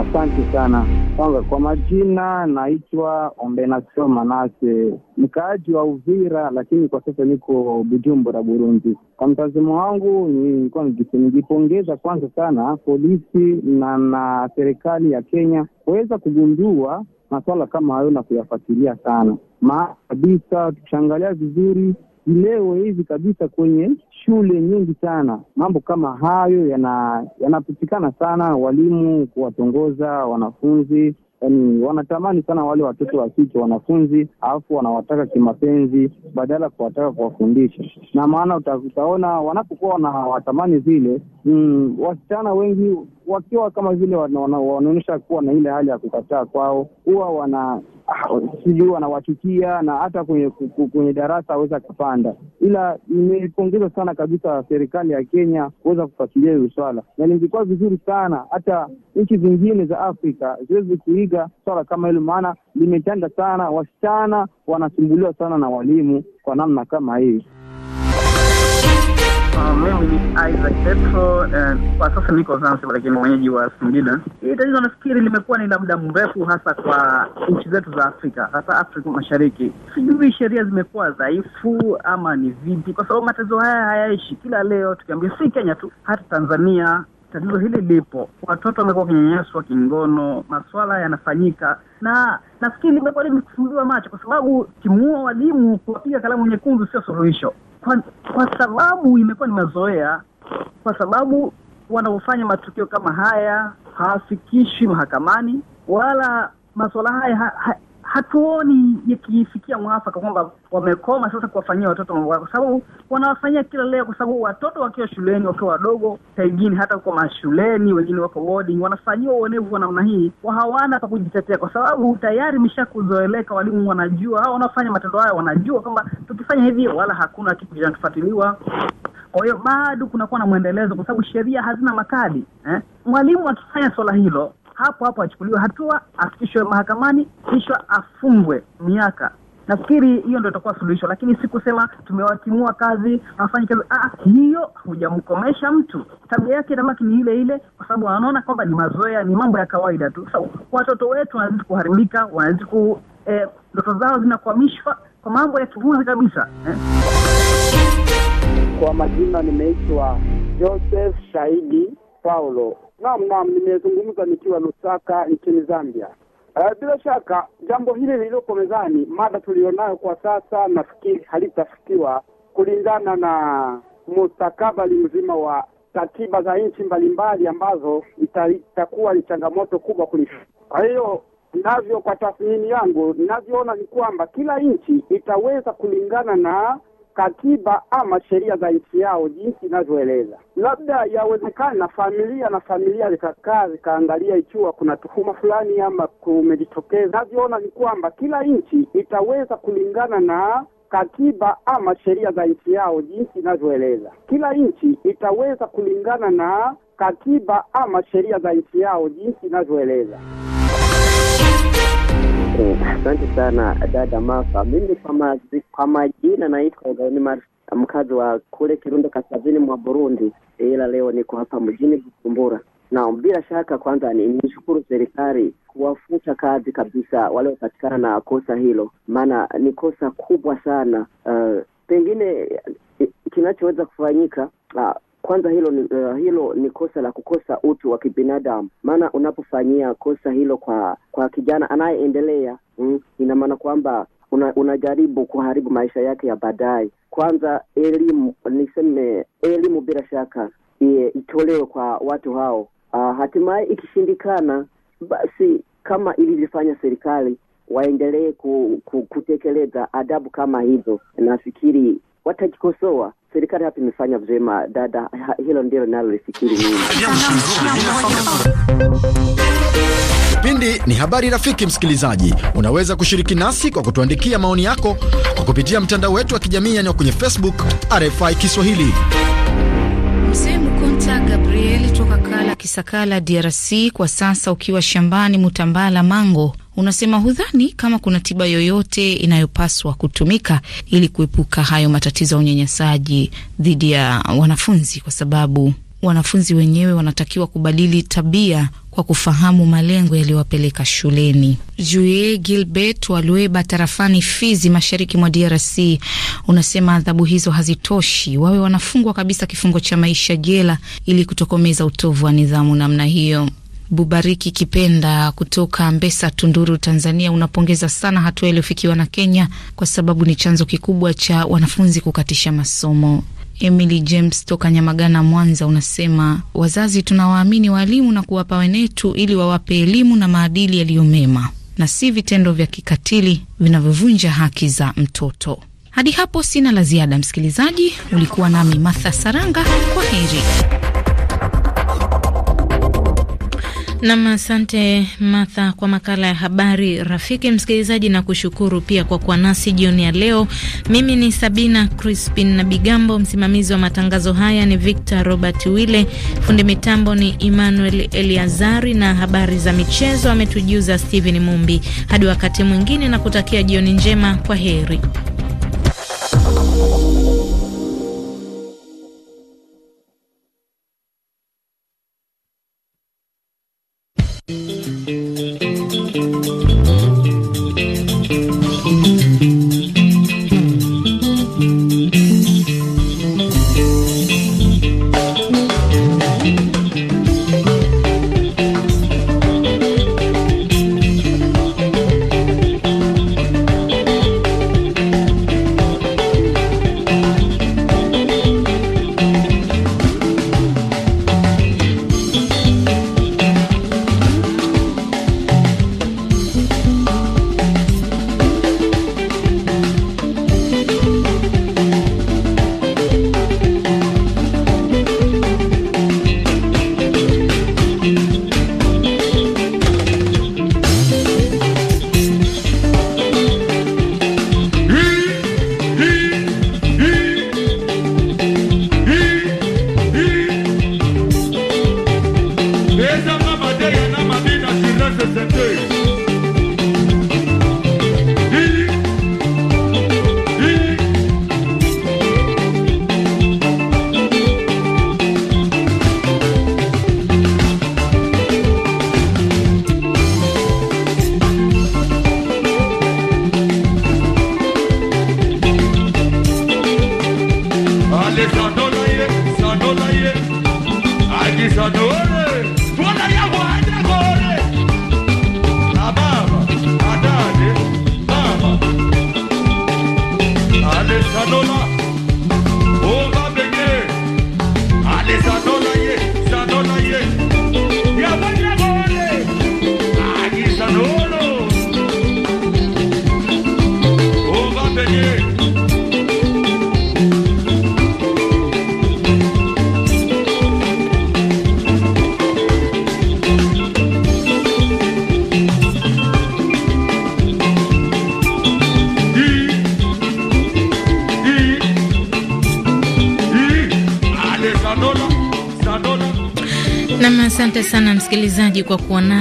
Asante sana. Kwanza kwa majina, naitwa Ombenasio Manase, mkaaji wa Uvira, lakini kwa sasa niko Bujumbura, Burundi. Kwa mtazamo wangu, nilikuwa nikipongeza kwanza sana polisi na na serikali ya Kenya kuweza kugundua maswala kama hayo na kuyafatilia sana, maana kabisa Tukishangalia vizuri leo hivi kabisa kwenye shule nyingi sana mambo kama hayo yanapitikana yana sana, walimu kuwatongoza wanafunzi Yani wanatamani sana wale watoto wa kike wanafunzi, alafu wanawataka kimapenzi badala ya kuwataka kuwafundisha. Na maana utaona wanapokuwa wanawatamani vile mm, wasichana wengi wakiwa kama vile wanaonyesha kuwa na ile hali ya kukataa kwao, huwa wana sijui wanawachukia na hata kwenye, kwenye darasa aweza kapanda Ila nimepongeza sana kabisa serikali ya Kenya kuweza kufuatilia hili swala, na lingekuwa vizuri sana hata nchi zingine za Afrika ziwezi kuiga swala kama hilo, maana limetanda sana. Wasichana wanasumbuliwa sana na walimu kwa namna kama hii. Uh, mimi ni Isaac Petro uh, kwa sasa niko Zanzibar lakini mwenyeji wa Singida. Hii tatizo nafikiri limekuwa ni la muda mrefu, hasa kwa nchi zetu za Afrika, hasa Afrika Mashariki. Sijui sheria zimekuwa dhaifu ama ni vipi, kwa sababu matatizo haya hayaishi. Kila leo tukiambia, si Kenya tu, hata Tanzania tatizo hili lipo. Watoto wamekuwa kinyenyeswa kingono, maswala yanafanyika na nafikiri limekuwa limefumbuliwa macho, kwa sababu kimuua walimu kuwapiga kalamu nyekundu sio suluhisho kwa, kwa sababu imekuwa ni mazoea, kwa sababu wanaofanya matukio kama haya hawafikishi mahakamani wala masuala haya ha, ha, hatuoni yakifikia mwafaka kwamba wamekoma sasa kuwafanyia watoto mambo kwa sababu wanawafanyia kila leo, kwa sababu watoto wakiwa shuleni, wakiwa wadogo, pengine hata kwa mashuleni, wengine wako boarding, wanafanyiwa uonevu wa namna hii, hawana pa kujitetea, kwa sababu tayari imeshakuzoeleka. Walimu wanajua, hao wanaofanya matendo hayo wanajua kwamba tukifanya hivi wala hakuna kitu kinachofuatiliwa. Kwa hiyo bado kunakuwa na mwendelezo, kwa sababu sheria hazina makali eh? Mwalimu akifanya swala hilo hapo hapo achukuliwe hatua, afikishwe mahakamani, kisha afungwe miaka. Nafikiri hiyo ndio itakuwa suluhisho, lakini si kusema tumewatimua kazi hawafanyi kazi. Ah, hiyo hujamkomesha mtu, tabia yake inabaki ni ile ile, kwa sababu anaona kwamba ni mazoea, ni mambo ya kawaida tu. So, watoto wetu wanazidi kuharibika, wanazidi ku eh, ndoto zao zinakwamishwa kwa mambo ya kibuzi kabisa eh. Kwa majina nimeitwa Joseph Shahidi Paulo. Naam, naam, nimezungumza nikiwa Lusaka nchini Zambia. Uh, bila shaka jambo hili lililoko mezani, mada tulionayo kwa sasa, nafikiri halitafikiwa kulingana na mustakabali mzima wa katiba za nchi mbalimbali ambazo itakuwa ni changamoto kubwa kulifu. Kwa hiyo navyo, kwa tathmini yangu, ninavyoona ni kwamba kila nchi itaweza kulingana na katiba ama sheria za nchi yao jinsi inavyoeleza. Labda yawezekana familia na familia zikakaa zikaangalia, ikiwa kuna tuhuma fulani ama kumejitokeza. Navyoona ni kwamba kila nchi itaweza kulingana na katiba ama sheria za nchi yao jinsi inavyoeleza. Kila nchi itaweza kulingana na katiba ama sheria za nchi yao jinsi inavyoeleza. Asante sana dada Mafa. Mimi kwa majina naitwa Gauni mkazi wa kule Kirundo kaskazini mwa Burundi, ila leo niko hapa mjini Bujumbura. Na bila shaka kwanza ni nishukuru serikali kuwafuta kazi kabisa waliopatikana na kosa hilo, maana ni kosa kubwa sana. Uh, pengine eh, kinachoweza kufanyika uh, kwanza hilo ni, uh, hilo ni kosa la kukosa utu wa kibinadamu, maana unapofanyia kosa hilo kwa kwa kijana anayeendelea mm, ina maana kwamba una, unajaribu kuharibu maisha yake ya baadaye. Kwanza elimu, niseme elimu bila shaka ye, itolewe kwa watu hao. Uh, hatimaye ikishindikana, basi kama ilivyofanya serikali waendelee ku, ku, kutekeleza adabu kama hizo, nafikiri watajikosoa serikali hapa imefanya vyema dada, hilo ndilo nalolifikiri Kipindi ni habari rafiki. Msikilizaji, unaweza kushiriki nasi kwa kutuandikia maoni yako kwa kupitia mtandao wetu wa kijamii yaani kwenye Facebook RFI Kiswahili. Mzee Mkunta Gabriel toka Kala Kisakala, DRC, kwa sasa ukiwa shambani Mutambala Mango unasema hudhani kama kuna tiba yoyote inayopaswa kutumika ili kuepuka hayo matatizo ya unyanyasaji dhidi ya wanafunzi, kwa sababu wanafunzi wenyewe wanatakiwa kubadili tabia kwa kufahamu malengo yaliyowapeleka shuleni. Jue Gilbert wa Lueba tarafani Fizi, mashariki mwa DRC, unasema adhabu hizo hazitoshi, wawe wanafungwa kabisa kifungo cha maisha jela ili kutokomeza utovu wa nidhamu namna hiyo. Bubariki Kipenda kutoka Mbesa, Tunduru, Tanzania, unapongeza sana hatua iliyofikiwa na Kenya kwa sababu ni chanzo kikubwa cha wanafunzi kukatisha masomo. Emily James toka Nyamagana, Mwanza, unasema wazazi tunawaamini waalimu na kuwapa wenetu ili wawape elimu na maadili yaliyo mema na si vitendo vya kikatili vinavyovunja haki za mtoto. Hadi hapo sina la ziada, msikilizaji. Ulikuwa nami Martha Saranga, kwa heri. Nam, asante Martha kwa makala ya habari rafiki. Msikilizaji na kushukuru pia kwa kuwa nasi jioni ya leo. Mimi ni Sabina Crispin na Bigambo, msimamizi wa matangazo haya ni Victor Robert Wille, fundi mitambo ni Emmanuel Eliazari na habari za michezo ametujuza Stephen Mumbi. Hadi wakati mwingine, na kutakia jioni njema, kwa heri.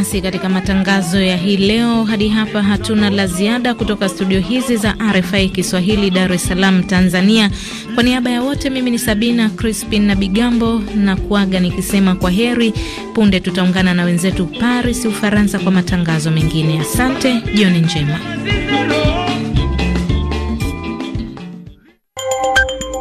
nasi katika matangazo ya hii leo. Hadi hapa hatuna la ziada kutoka studio hizi za RFI Kiswahili, Dar es Salaam, Tanzania. Kwa niaba ya wote, mimi ni Sabina Crispin na Bigambo na kuaga nikisema kwa heri. Punde tutaungana na wenzetu Paris, Ufaransa, kwa matangazo mengine. Asante, jioni njema.